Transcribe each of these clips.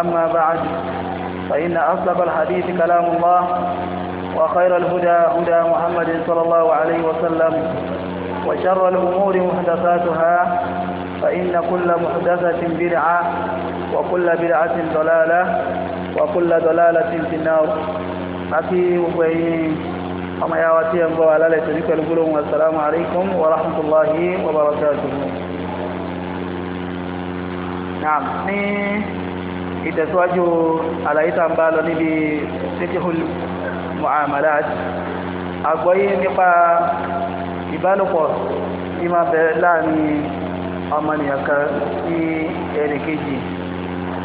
أما بعد فإن أصدق الحديث كلام الله وخير الهدى هدى محمد صلى الله عليه وسلم وشر الأمور محدثاتها فإن كل محدثة بدعة وكل بدعة ضلالة وكل ضلالة في النار أتي وبين أما يا واتي أنبوا على ليتنك القلوب والسلام عليكم ورحمة الله وبركاته نعم ìtẹ̀síwájú àlàyé tá ń bá lọ níbi fiqhul muamalat àgbọ́yé nípa ìbálòpọ̀ tí máa bẹ̀rẹ̀ láàrin ọmọnìyàn kan sí ẹnì kejì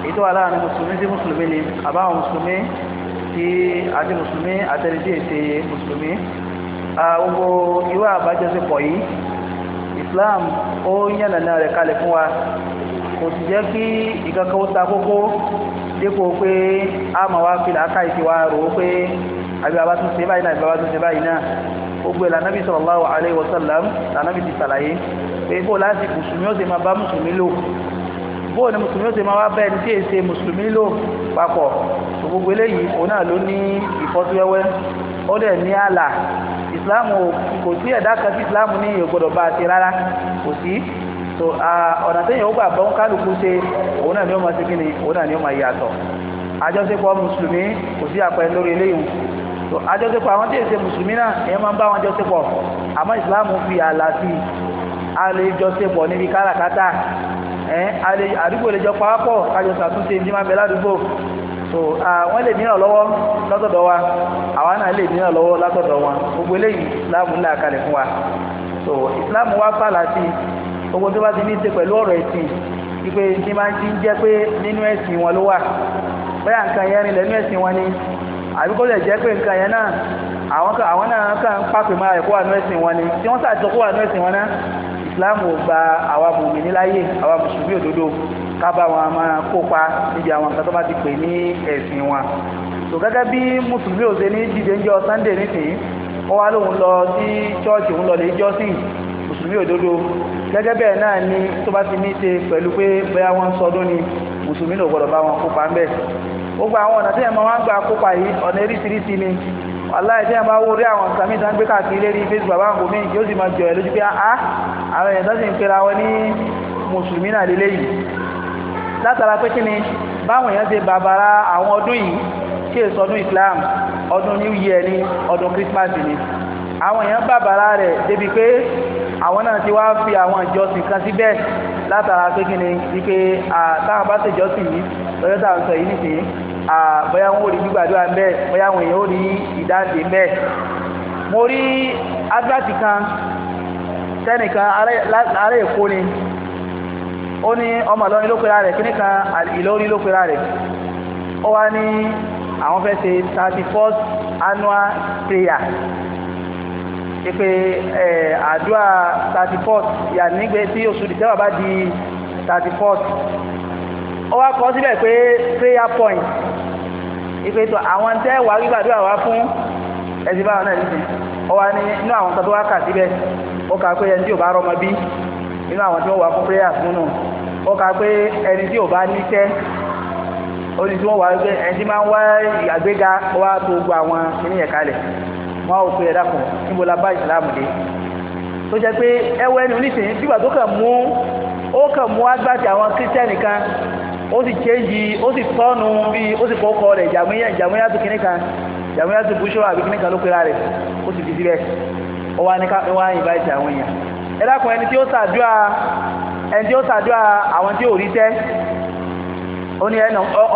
èyí tó wà láàrin mùsùlùmí sí mùsùlùmí ni àbáwọn mùsùlùmí tí àti mùsùlùmí àtẹnidí èsè mùsùlùmí gbogbo ìwà àbájọsípọ̀ yìí Islam ó yànnàná rẹ̀ kalẹ̀ fún wa kò sì jẹ́ kí ìkankan ó ta kókó dípò pé a máa wá fi làákà ìfi wa rò ó pé àbí bàbá tún ṣe báyìí náà àbí bàbá tún ṣe báyìí náà gbogbo ẹ̀ lànàbí sallallahu alaihi wasallam lànàbí ti sàlàyé pé bó láti mùsùlùmí ó ṣe máa bá mùsùlùmí lò bó ni mùsùlùmí ó ṣe máa wá bẹ́ẹ̀ ní tí èyí ṣe mùsùlùmí lò papọ̀ gbogbo eléyìí òun náà ló ní ìfọ́síwẹ́wẹ́ ó dẹ̀ ní ààlà ìsìláàmù kò sí ẹ̀dá kan tí ìsìláàmù ní ìyẹ̀gbọ́dọ̀ bá a ṣe rárá kò sí so a ọ̀nà téèyàn ó gbà bọ́n kálukú ṣe òun náà ni ó máa ṣe kíni òun náà ni ó máa yàtọ̀ àjọṣepọ̀ mùsùlùmí kò sí àpẹẹrẹ lórí eléyìí so àjọṣepọ̀ àwọn tí èsè mùsùlùmí náà èèyàn máa ń bá wọn jọṣepọ̀ àmọ́ ìsìláàmù fi ààlà sí i a lè jọṣepọ̀ níbi káràkátà ẹ̀ àdúgbò lè jọ pawọ́pọ̀ kájọ ṣàtúnṣe ní máa bẹ ládùúgbò so wọ́n lè mìíràn lọ́wọ́ látọ̀dọ̀ wa àwa náà lè mìíràn lọ́wọ́ látọ̀dọ̀ wọn gbogbo eléyìí ìsìláàmù ńlá kalẹ̀ fún wa so ìsìláàmù wa fàlà sí i gbogbo tó bá ti ní í ṣe pẹ̀lú ọ̀rọ̀ ẹ̀sìn wípé ní máa ń ti ń jẹ́ pé nínú ẹ̀sìn wọn ló wà bóyá nǹkan yẹn rìn lẹ́nu ẹ̀sìn wọn ni àbí kó lè jẹ́ pé nǹkan yẹn náà àwọn náà kàn ń pàpè máa ẹ̀kọ́ wà nú ẹ̀sìn wọn ni tí wọ́n sàtọ́ kó wà nú ẹ̀sìn wọn náà Islam ò gba àwa mùmìnì láyè àwa mùsùlùmí òdodo ká bá wọn máa kópa níbi àwọn nǹkan tó bá ti pè ní ẹ̀sìn wọn tò gẹ́gẹ́ bí mùsùlùmí òde ní jíjẹ́ ń jọ Sunday nísìnyí wọ́n wá lóun lọ sí chọ́ọ̀chì òun lọ lè jọ́sìn mùsùlùmí òdodo gẹ́gẹ́ bẹ́ẹ̀ náà ni tó bá ti ní ṣe pẹ̀lú pé bóyá wọ́n ń sọdún ni mùsùlùmí ló gbọ́dọ̀ bá wọn kópa ń bẹ̀ gbogbo àwọn ọ̀nà tí ẹ̀ máa wá ń gba kópa yìí ọ̀nà eríṣiríṣi ni wàláì tí ẹ̀ máa wó rí àwọn sàmì ìtàn gbé káàkiri lérí facebook àbá àwọn gómìnà yóò sì máa jọ islam ọdún new year ni ọdún christmas ni àwọn èèyàn bàbàrà rẹ̀ débi pé àwọn náà ti wá fi àwọn ìjọsìn kan síbẹ̀ látara pé kí ni wípé táwọn bá ṣèjọsìn yìí lọ́jọ́ táwọn sọ yìí nìsín bóyá wọn ò rí gbígbàdúrà ń bẹ́ẹ̀ bóyá àwọn èèyàn ò rí ìdáǹdè ń bẹ́ẹ̀ mo rí advert kan tẹ́nìkan ará èkó ni ó ní ọmọ ìlọrin ló pera rẹ̀ kíní kan ìlọrin ló pera rẹ̀ ó wá ní àwọn fẹ́ ṣe thirty first annual prayer pé àdúrà thirty fourth yà nígbẹ́ tí oṣù December bá di thirty fourth ó wá kọ́ síbẹ̀ pé prayer point ìpè tó àwọn tẹ́ wà gbígbàdúrà wá fún ẹ̀sìn báwọn náà nìyí ó wá ní inú àwọn kan tó wá kà síbẹ̀ ó kà pé ẹni tí ò bá rọmọ bí inú àwọn tí wọ́n wà fún prayer fún nù ó kà pé ẹni tí ò bá níṣẹ́ ó ní tí wọ́n wà ẹni tí máa ń wá ìgbàgbéga wá tó gbogbo àwọn kìnìyàn kalẹ̀ wọn ò pé ẹ̀dá kan níbo la bá ìsìláàmù dé tó jẹ́ pé ẹwọ́ ẹni oníṣẹ́yìn sígbà tó kàn mú ó kàn mú agbáàtì àwọn kírísítẹ́nì kan ó sì chéjì ó sì tọ́nu bí ó sì kọ́ rẹ̀ jàmúyà jàmúyà kan jàmúyà búṣọ àbí kíní kan ló pera rẹ̀ ó sì fi síbẹ̀ ó wá ní ká wá ìbá ìsìn àwọn èèyàn ẹ̀dá kan ẹni tí ó ṣàdúrà ẹni tí ó ṣàdúrà àwọn tí ò rí tẹ́ ó ní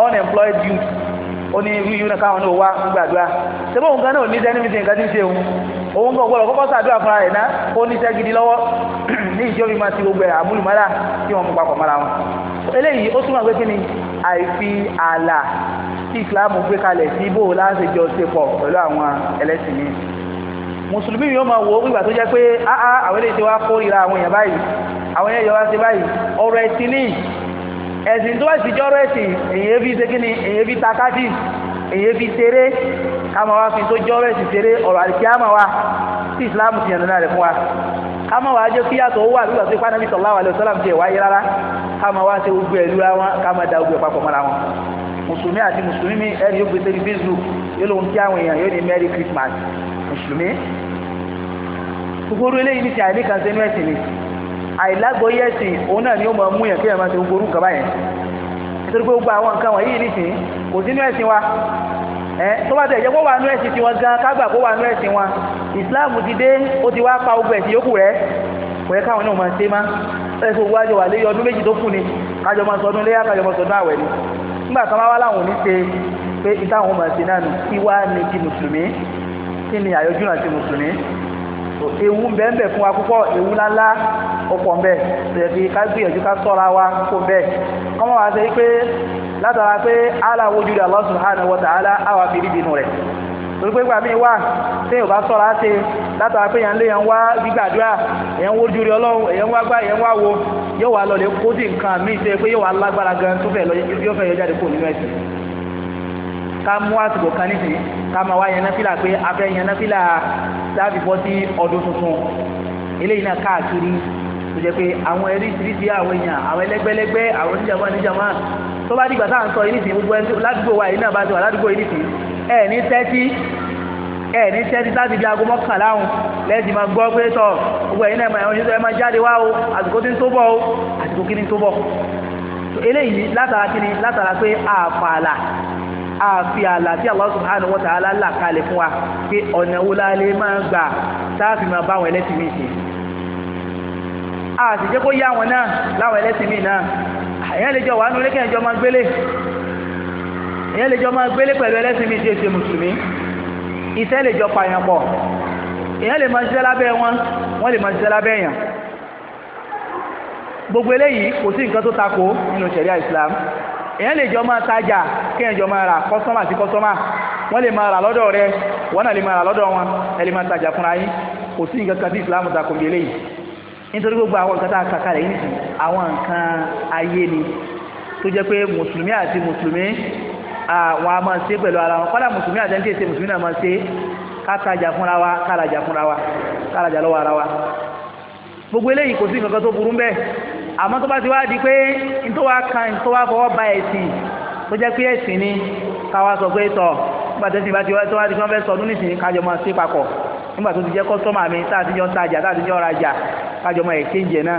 unemployed youth ó ní yíyún náà káwọn náà wá ń gbàdúrà ṣẹ́bọ̀ òun gan náà ní sẹ́ni fìdí nǹkan tí ń ṣe òun òun gan gbọ́dọ̀ kọ́kọ́ sàdúrà fúnra rẹ̀ náà ó ní iṣẹ́ gidi lọ́wọ́ ní ìjọ mi máa ti gbogbo ẹ̀ àmúlùmọ́lá tí wọ́n mú papọ̀ mọ́ra wọn eléyìí ó túmọ̀ pé kí ni àìfi ààlà tí ìsìláàmù gbé kalẹ̀ sí bó láti jọ ṣe pọ̀ pẹ̀lú àwọn ẹlẹ́sìn mi mùsùlùmí yóò máa wo ìgbà tó jẹ́ pé áá àwọn eléyìí ti wá kórìíra àwọn èèyàn báyìí àwọn èèyàn yọ wá sí báyìí ọ̀rọ̀ ẹ̀sìn níyì ẹ̀sìn tó ẹ̀sìn jọ́rọ̀ ẹ̀sìn èyí fi ṣe kíni èyí fi takátì èyí fi ṣeré káma wá fi tó jọ́rọ̀ ẹ̀sìn ṣeré ọ̀rọ̀ àdìkí àmà wa tí ìsìláàmù ti yànnà rẹ̀ fún wa káma wá jẹ́ kí yàtọ̀ owó àbí gbàgbé fáná bìtọ̀ láwà lẹ́wọ̀ sọ́làmù tiẹ̀ wáyé rárá káma wá ṣe gbogbo ẹ̀lú wọn káma da gbogbo ẹ̀pàpọ̀ mọ́ra wọn mùsùlùmí àti mùsùlùmí mi ẹni yóò gbèsè ní facebook yóò lóun kí àwọn èèyàn yóò ní merry christmas mùsùlùmí gbogbo orí eléyìí ní ti àìníkànṣe ní ẹ̀sìn ni àìlágbóyè si òun náà ni ó máa mú yàn kí yàn máa ṣe gbogbo orúkọ báyẹn nítorí pé gbogbo àwọn nǹkan wọ̀nyí nìsín kò sínú ẹ̀sìn wa ẹ tó bá tẹ̀ jẹ́ kó wà nú ẹ̀sìn tiwọn gan kágbà kó wà nú ẹ̀sìn wọn ìsìláàmù ti dé ó ti wá pa ogun ẹ̀sìn yòókù rẹ̀ kò yẹ káwọn náà máa ṣe má owó wà lé ọdún méjì tó kù ni kájọ máa sọdún ni nígbà kan wá láwọn ṣe pé ìtàwọn ewu ń bẹ ń bẹ fún wa púpọ̀ ewu ńláńlá ọ̀pọ̀ ń bẹ tẹ̀sí ká gbìyànjú ká sọ́ra wa kó ń bẹ kọ́mọ́ wa ṣe pé látara pé aláwojú rẹ̀ Allah subhanahu wa ta'ala àwọn àfi ríbi inú rẹ̀ torí pé ìgbà míì wà tí yóò bá sọ́ra ṣe látara pé yẹn ń lé yẹn ń wá gbígbàdúrà yẹn ń wojú rẹ̀ ọlọ́run yẹn wá gbá yẹn wá wo yóò wá lọ lè kó sí nǹkan míì tó pé yóò wá lágbára gan tó fẹ́ ká mú àsìkò kan nísìnyí ká máa wá yẹn náfìlà pé a fẹ́ yẹn náfìlà láti bọ́ sí ọdún tuntun eléyìí náà káàkiri tó jẹ́ pé àwọn eríṣiríṣi àwọn èèyàn àwọn ẹlẹ́gbẹ́lẹ́gbẹ́ àwọn oníjàmọ́ oníjàmọ́ tó bá dìgbà sáà ń sọ irísìn gbogbo ẹni ládùúgbò wa yìí náà bá ti wà ládùúgbò irísìn ẹ ní tẹ́tí ẹ ní tẹ́tí láti bí aago mọ́kànlá ọ̀hún lẹ́sìn máa gbọ́ pé tọ̀ gbogbo ẹ̀yin náà ẹ̀wọ̀n yìí máa jáde wá o àsìkò tí ń tó bọ̀ o àsìkò kí ni tó bọ̀ eléyìí látara kí ni látara pé àpàlà àfi àlà tí Allah subhanahu wa ta'ala là kalẹ̀ fún wa pé ọ̀nà wo la lè máa gbà táàfin máa bá àwọn ẹlẹ́sìn mi ṣe àti jẹ́ kó yá wọn náà láwọn ẹlẹ́sìn mi náà èèyàn lè jọ wà nínú ilé kẹ́hìn jọ máa gbélé èèyàn lè jọ máa gbélé pẹ̀lú ẹlẹ́sìn mi tí èsì mùsùlùmí iṣẹ́ lè jọ pààyàn pọ̀ èèyàn lè máa ṣiṣẹ́ lábẹ́ wọn wọ́n lè máa ṣiṣẹ́ lábẹ́ èèyàn gbogbo eléyìí kò sí nǹkan tó takò nínú ṣẹ̀ríà Islam èèyàn lè jọ máa tajà kéèyàn jọ máa rà kọ́sọ́mà sí kọ́sọ́mà wọ́n lè máa rà lọ́dọ̀ rẹ wọ́n náà lè máa rà lọ́dọ̀ wọn ẹ lè máa kò sí nǹkan kan ta kò gbélé yìí nítorí gbogbo àwọn nǹkan tá a kàkà rẹ̀ yìí nìsín àwọn nǹkan ayé ni tó jẹ́ pé mùsùlùmí a máa ṣe pẹ̀lú ara wọn kọ́dà mùsùlùmí àti ẹni tí èsè àmọ́ tó bá ti wá di pé nítorí wá kan nítorí wá fọwọ́ ba ẹ̀sìn tó jẹ́ pé ẹ̀sìn ni káwa sọ pé tọ̀ nígbà tó ti bá ti wá tó wá di pé wọ́n fẹ́ sọ ọdún nísìnyí kájọ máa sí papọ̀ nígbà tó ti jẹ́ kọ́sọ́mà mi tá a ti jọ ń tajà tá a ti jọ rajà kájọ máa èkéńjẹ náà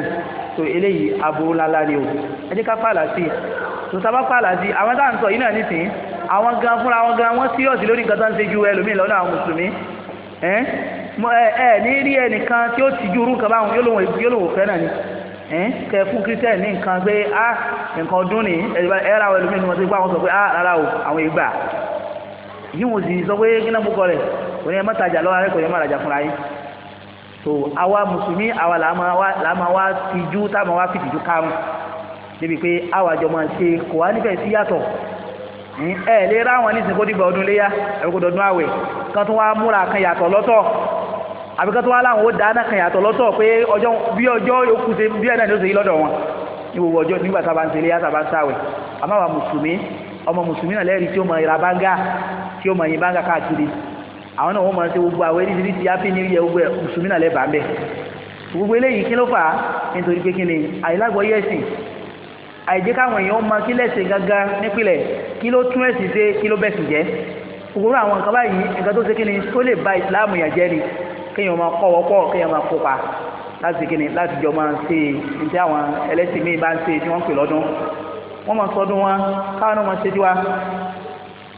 tó eléyìí aburú lálá ni o ẹ jẹ́ ká fàlà sí i tó sábà fàlà sí i àwọn táà ń sọ yìí náà nísìnyí àwọn gan fúnra wọn gan wọ́n síyọ̀sì lórí nǹkan tó ń ṣe ju ẹlòmíì lọ́nà àwọn mùsùlùmí ẹ ní rí ẹnìkan tí ó ti ju orúkọ báwọn yóò lòun fẹ́ náà ni kẹ fún kírísítẹ́nì ní nǹkan pé á ah, nǹkan ọdún ní ẹ̀rọ àwọn ẹlòmíín wọn ti gbọ́ àwọn sọ pé á ah, rárá o àwọn ìgbà yìí wọn sì sọ pé gíná púpọ̀ rẹ̀ kò ní ẹ má tajà lọ́wọ́ rẹ̀ kò ní ẹ má rajà fúnra yín so àwa mùsùlùmí àwa là máa wá tìjú táwọn wá fìtìjú kárùn níbi pé àwa jọ máa ṣe kò wá nífẹ̀ẹ́ sí yàtọ̀ ẹ lè ráwọn nísìnyí kó dìgbà ọdún àbíkẹ́ tó wá láwọn ó dáná kan yàtọ̀ lọ́tọ̀ pé ọjọ́ bí ọjọ́ yòókù ṣe bí ẹ̀ náà ló ṣe yí lọ́dọ̀ wọn ní gbogbo ọjọ́ nígbà tá a bá ń tẹ̀lé yàtọ̀ bá ń sáwẹ̀ àmọ́ àwọn mùsùlùmí ọmọ mùsùlùmí náà lẹ́rìí tí ó mọ ìra báńgá tí ó mọ ìyìn báńgá káàkiri àwọn náà wọ́n mọ̀ ṣe gbogbo àwọn eré ti yá pín ní ìyẹ gbogbo mùsùlùmí náà lẹ́bàá gbogbo ni àìlágbọ́yé ẹ̀sìn àìjẹ́ káwọn àwọn nǹkan báyìí nǹkan tó ṣe kí ni tó lè ba ìsìláàmù yàn ni kéèyàn máa kọ́ wọ́pọ̀ kéèyàn máa kópa láti kíni láti jọ máa ń ṣe níta àwọn ẹlẹ́sìn míì bá ń ṣe tí wọ́n ń pè lọ́dún wọ́n máa sọdún wọn káwọn náà máa ṣe tiwa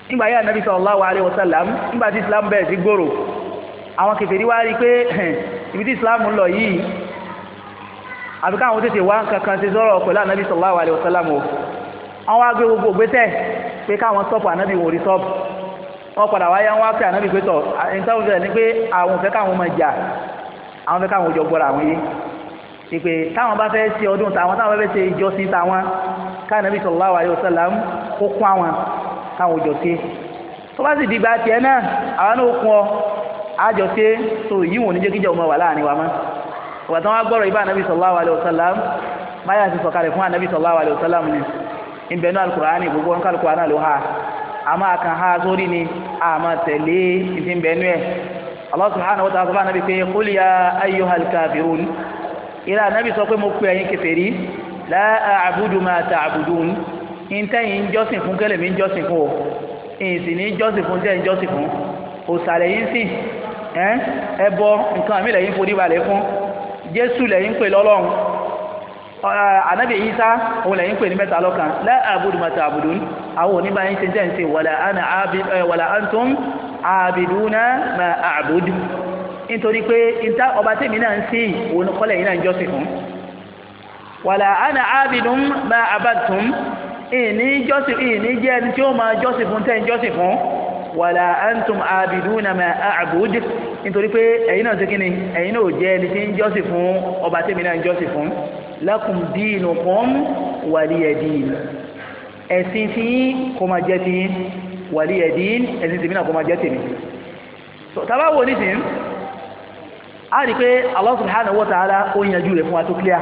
nígbà yá nàbí sallallahu alaihi wasallam nígbà tí islam bẹ̀rẹ̀ sí gbòòrò àwọn kèfèrí wá rí i pé ibi tí islam ń lọ yìí àfi káwọn tètè wá kankan ti sọ̀rọ̀ pẹ̀lú ànábì sallallahu alaihi wasallam o àwọn wá gbé gbogbo gbé tẹ̀ pé káwọn sọ́ọ̀pù ànábì wò rí sọ́ọ̀pù wọ́n padà wáyé wọ́n á pè ànábì pé tọ̀ ìtàwọn fẹ́ ni pé àwọn fẹ́ káwọn máa jà àwọn fẹ́ káwọn jọ gbọ́ra àwọn yé ìpè táwọn bá fẹ́ ṣe ọdún táwọn táwọn fẹ́ ṣe ìjọsìn táwọn káànábì sallallahu alaihi wasallam kó kún àwọn káwọn jọ ṣe tó bá sì dìgbà tiẹ̀ náà àwọn náà kún ọ àjọ ṣe tó yíwọ̀n ní jẹ́kíjà ọmọ wà láàrin wa mọ́ ìgbà tí wọ́n gbọ́rọ̀ ibà ànábì sallallahu alaihi wasallam báyà ti sọ̀kalẹ̀ fún ànábì sallallahu alaihi wasallam ni ìbẹ̀nú alukur'ani gbogbo nǹkan alukur'ani ló ha àmọ́ àkàn ha sórí ni àmọ́ tẹ̀lé ìdínbẹ̀nú ẹ̀ Allah subhanahu wa ta'ala sọ́bà nàbí pé qul ya ayyuhal kafirun ìlà nàbí sọ pé mo pè ẹ̀yin kèfèrí la a'budu ma ta'budun ìntẹ́yìn jọ́sìn fún kẹ́lẹ̀ mi jọ́sìn fún o ìsìn ní jọ́sìn fún tẹ́yìn jọ́sìn fún òsàlẹ̀ yìí sìn ẹbọ nǹkan mi lẹ́yìn forí balẹ̀ fún Jésù lẹ́yìn pè lọ́lọ́run anabi isa òun lẹ́yìn pè ní mẹ́ta lọ́kan la abudu ma ta'budun àwọn oníbà yín ṣe jẹ́ǹsì wala ana abid wala antum abiduna ma a'budu nítorí pé ìta ọba tèmi náà ń sí òun kọ́lẹ̀ yìí náà ń jọ́sìn fún wala ana abidun ma abadtum ìní jọ́sìn ìní jẹ́ ẹni tí ó máa jọ́sìn fún tẹ́ ń jọ́sìn fún wala antum abiduna ma a'budu nítorí pé ẹ̀yin náà ṣe kíni ẹ̀yin náà jẹ́ ẹni tí ń jọ́sìn fún ọba tèmi náà ń jọ́sìn fún lakum dinukum waliya din ẹ̀sìn tí kò máa jẹ́ ti waliya din ẹ̀sìn tèmi náà kò máa jẹ́ tèmi tàbá wo nísìn a rí pé Allah subhanahu wa ta'ala ó yanjú rẹ̀ fún wa tó clear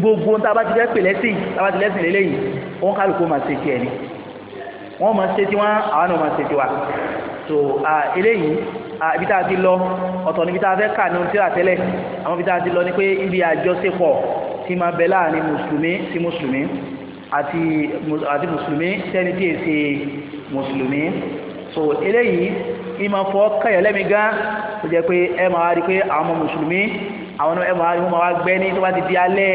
gbogbo tá a bá ti fẹ́ pè lẹ́sìn tá bá ti lẹ́sìn lélẹ́yìn wọ́n kálukú máa ṣe tiẹ̀ ni wọ́n máa ṣe tiwọn àwọn náà máa ṣe tiwa so eléyìí Ah, ibi tá a ti lọ ọ̀tọ̀ níbi tá a fẹ́ kà ní ohun tí ó àtẹ́lẹ̀ àwọn ibi tá a ti lọ ni pé ibi àjọṣepọ̀ tí máa bẹ láàrin mùsùlùmí sí mùsùlùmí àti mùsùlùmí sẹ́ni tí èsì mùsùlùmí so eléyìí ìmọ̀ fọ́ kẹyọ̀ lẹ́mi gan tó jẹ́ pé ẹ máa rí pé àwọn ọmọ mùsùlùmí àwọn ọmọ ẹ máa rí wọn máa gbẹ́ ní tó bá ti di alẹ́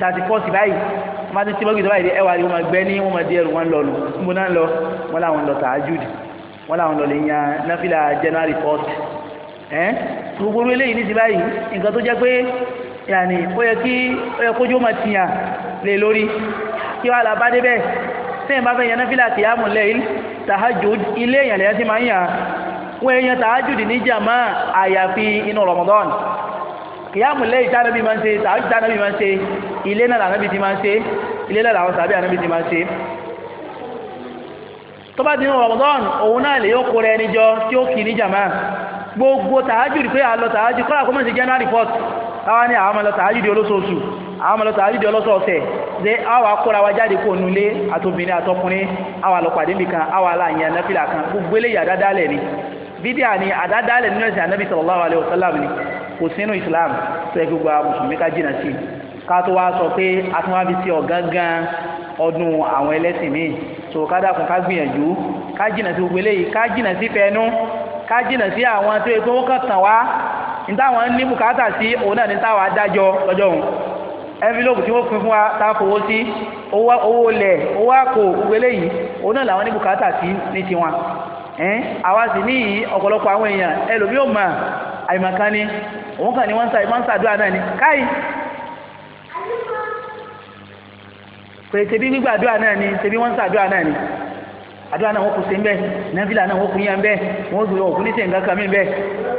thirty four báyìí wọ́n máa ti tí wọ́n gbé tó báyìí ẹ wà rí wọn máa gbẹ́ ní wọ́n máa di ẹrù wọn lọ níbo náà lọ wọ́n láwọn lọ tààjúdì wọ́n làwọn lọ lè yan náfìlà january fourth ẹ́ gbogbo orí eléyìí ní ti báyìí nǹkan tó jẹ́ pé yàní ó yẹ kí ó yẹ kójú máa tiyàn lè lórí kí wàá làbá débẹ̀ sẹ́yìn bá fẹ́ yan náfìlà kìyàmù lẹ́yìn tahajjud ilé èèyàn lẹ́yìn tí máa ń yàn wọ́n èèyàn tahajjud ní jàmá àyàfi inú ramadan kìyàmù lẹ́yìn tánàbí máa ń ṣe tahajjud tánàbí máa ń ṣe ilé náà làwọn ti máa ń ṣe ilé náà làwọn sàbí ànábì ti máa ń ṣe tó bá dínú Ramadan òun náà lè yóò kó rẹ níjọ tí ó kì ní jàmá gbogbo tààjù rí pé a lọ tààjù kọ́lá kó mọ̀ sí general report káwá ní àwọn ọmọlọ tààjù di olóṣooṣù àwọn ọmọlọ tààjù di ọlọ́sọ̀ọ̀sẹ̀ ṣe àwa kóra wa jáde kó nulé àtòbìnrin àtọkùnrin àwa lọ nìkan àwa aláàyàn náfìlà kan gbogbo eléyìí àdádálẹ̀ ni bídíà ni àdádálẹ̀ nínú ẹ̀sìn anábì sallallahu alaihi wasallam ni kò sínú Islam tó yẹ gbogbo àwọn ká tó wá sọ pé a tún wá fi sí ọ̀gángan ọdún àwọn ẹlẹ́sìn míì so ká dákun ká gbìyànjú ká jìnà sí gbogbo eléyìí ká jìnà sí fẹnu ká jìnà sí àwọn tó yẹ kó kàn tàn wá ní táwọn ní bùkátà sí òun náà ní táwọn adájọ́ lọ́jọ́ òun envelope tí wọ́n pín fún wa tá a fowó sí owó lẹ̀ owó àpò gbogbo eléyìí òun náà làwọn ní bùkátà sí ní tiwọn àwa sì ní ọ̀pọ̀lọpọ̀ àwọn èèyàn ẹlòmíì ò mà àìmọ̀kan ni òun kàn ní wọ́n ń sàdúrà náà ni káyìí pé ṣebí gbígbàdúrà náà ni ṣebí wọ́n ń ṣàdúrà náà ni àdúrà náà wọ́n kù sí ń bẹ́ nàbílà náà wọ́n kù yá ń bẹ́ wọ́n gbé òkú ní tẹ̀ǹgá kan mí bẹ́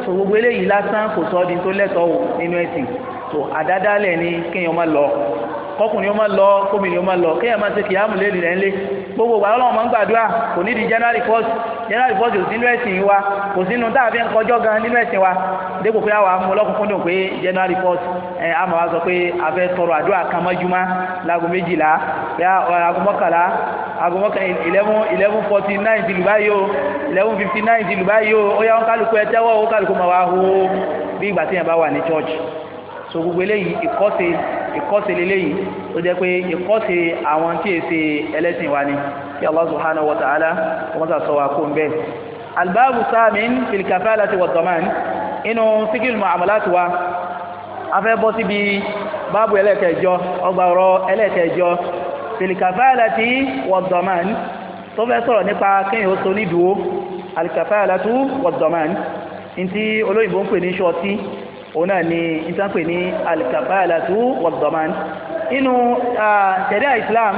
so gbogbo eléyìí lásán kò sọ ọ́ tó lẹ́tọ̀ọ́ nínú ẹ̀sìn so àdádálẹ̀ ni kéèyàn má lọ kọkùnrin ó máa lọ kómìnrin ó máa lọ kéèyàn máa ṣe kìyàmù lélẹ̀ rẹ̀ ńlẹ̀ gbogbo ìgbà ọlọ́run máa ń gbàdúrà kò nídìí january first january first kò sínú ẹ̀sìn wa kò sínú tá a fi ń kọjọ́ gan nínú ẹ̀sìn wa dépò pé àwa mú ọlọ́kùnkúndùn pé january first ẹ̀ àmọ́ wa sọ pé a fẹ́ tọrọ àdúrà kan mọ́júmọ́ láago méjìlá láago mọ́kànlá aago mọ́kànlá eleven eleven forty nine ti lù báyìí o eleven fifty nine ti lù báyìí o ó yá wọn kálukú ẹ tẹ́wọ́ ó church so gbogbo eléyìí ìkọ́ṣe ìkọ́ṣe leléyìí ó jẹ́ pé ìkọ́ṣe àwọn tí èsè ẹlẹ́sìn wa ni kí Allah subhanahu wa ta'ala wọ́n sà sọ wa kó ń bẹ́ẹ̀. albaabu saamin fil kafalati wa daman inú sikil muamalat wa afẹ́ bọ́ síbi báàbù ẹlẹ́kẹ̀ẹ́jọ ọgbà ọ̀rọ̀ ẹlẹ́kẹ̀ẹ́jọ fil kafalati wa daman tó fẹ́ sọ̀rọ̀ nípa kéèyàn ó so nídùú al kafalatu wa daman ntí olóyìnbó ń pè ní ṣọ́ọ̀tì òun ni ìtànpè ni alkabalatu wad-daman inú ṣẹ̀ríà islam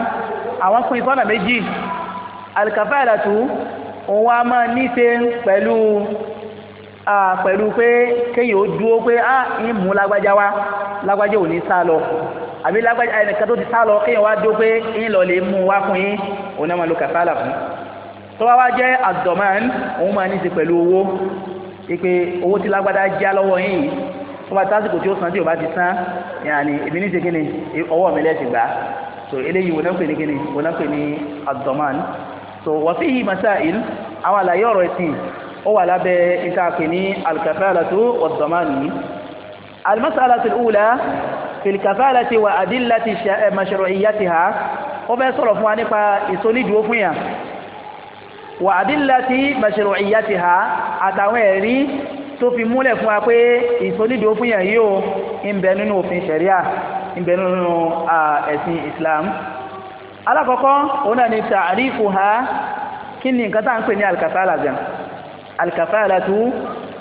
àwọn pín sọ́nà méjì alkabalatu òun wá máa níṣe pẹ̀lú pẹ̀lú pé kéyìí ó dúró pé á ń mú lágbájá wá lágbájá ò ní sá lọ àbí lágbájá ẹnìkan tó ti sá lọ kéyìí wá dúró pé ń lọ lè mú wá fún yín òun náà lo kàfàlà fún tó bá wá jẹ́ ad-daman òun máa níṣe pẹ̀lú owó pé owó tí lágbájá já lọ́wọ́ yín tó bá tásìkò tí ó san tí ò bá ti san yàní èmi ní ṣe kí ọwọ́ mi lẹ́sìn gbà so eléyìí wọ́n náà pè ní kí ni náà pè ní ad-daman so wa fihi masail àwọn àlàyé ọ̀rọ̀ ẹ̀sìn ó wà lábẹ́ ìtàkì ní al-kafalatu wad-daman yìí al-mas'alatu al-ula fi al-kafalati wa adillati eh, mashru'iyyatiha ó fẹ́ sọ̀rọ̀ fún wa nípa ìsonídùú fún yàn wa adillati mashru'iyyatiha àtàwọn ẹ̀rí tó fi múlẹ̀ fún wa pé ìsọdídìó fún yàn yìí ó ń bẹ nínú òfin ṣẹ̀ríà ń bẹ nínú ẹ̀sìn Islam alákọ̀ọ́kọ́ òun náà ni tààrífù ha kí ni nǹkan tá à ń pè ní alkafala gan alkafala tu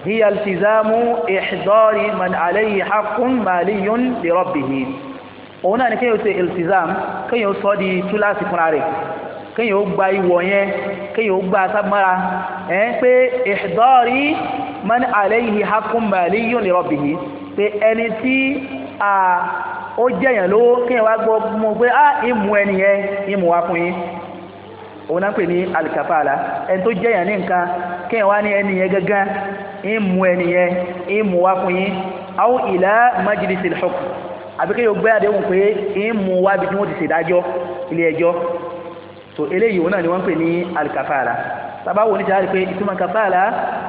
hiya altizamu ihdari man alayhi haqqun maliyun li rabbih òun náà ni kéèyàn ṣe iltizam kéèyàn sọ di túláàsì fúnra rẹ̀ kéèyàn ó gba ìwọ̀ yẹn kéèyàn ó gba aságbára ẹ̀ pé ihdari man alayhi haqqun maliyyun li rabbih pé ẹni tí ó jẹyàn lówó kéèyàn wá gbọ́ mú pé á ìmú ẹni yẹn ìmú wa fún yín òun náà pè ní alikafala ẹni tó jẹyàn ní nǹkan kéèyàn wá ní ẹni yẹn gángan ìmú ẹni yẹn ìmú wa fún yín aw ila majlisil hukm àbí kéèyàn gbé àdéhùn pé ìmú wa bí tí wọ́n ti ṣèdájọ́ ilé ẹjọ́ so eléyìí òun náà ni wọ́n pè ní alikafala tàbá wo ní ti a rí pé ìtumọ̀ kàfàlà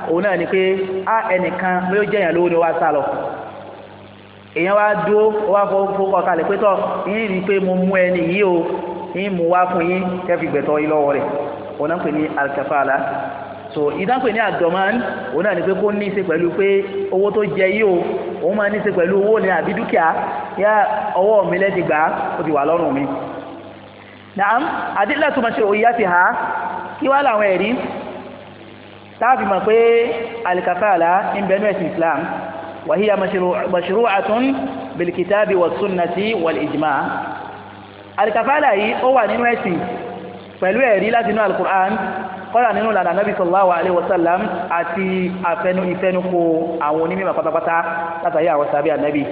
òun náà ni pé a ẹnìkan bóyá ó jẹ́ èèyàn lówó ni ó wá sá lọ èèyàn wá dúró wá fọwọ́ kalẹ̀ pé tọ́ yín ni pé mo mú ẹni yìí o yín mú wá fún yín kẹfì gbẹ̀tọ́ yín lọ́wọ́ rẹ̀ òun náà pè ní alkafala so ìdáhùn pè ní àdọ̀mán òun náà ni pé kó ní í ṣe pẹ̀lú pé owó tó jẹ yìí o òun máa ní í ṣe pẹ̀lú owó ní àbí dúkìá yá ọwọ́ mi lẹ́dìgbà ó ti wà lọ́rùn mi. naam adillatu mashru'iyyatiha kí wá làwọn ẹ̀rí táàfin mọ̀ pé alikafala ń bẹnu ẹ̀sìn islam wàhíyà mashru'atun bilkitabi wa sunnati wal ijma alikafala yìí ó wà nínú ẹ̀sìn pẹ̀lú ẹ̀rí láti inú alukur'an kọ́lá nínú lànà nàbí sallallahu alaihi wasallam àti àfẹnu ìfẹnukò àwọn onímọ̀ pátápátá látàrí àwọn sàbí ànábì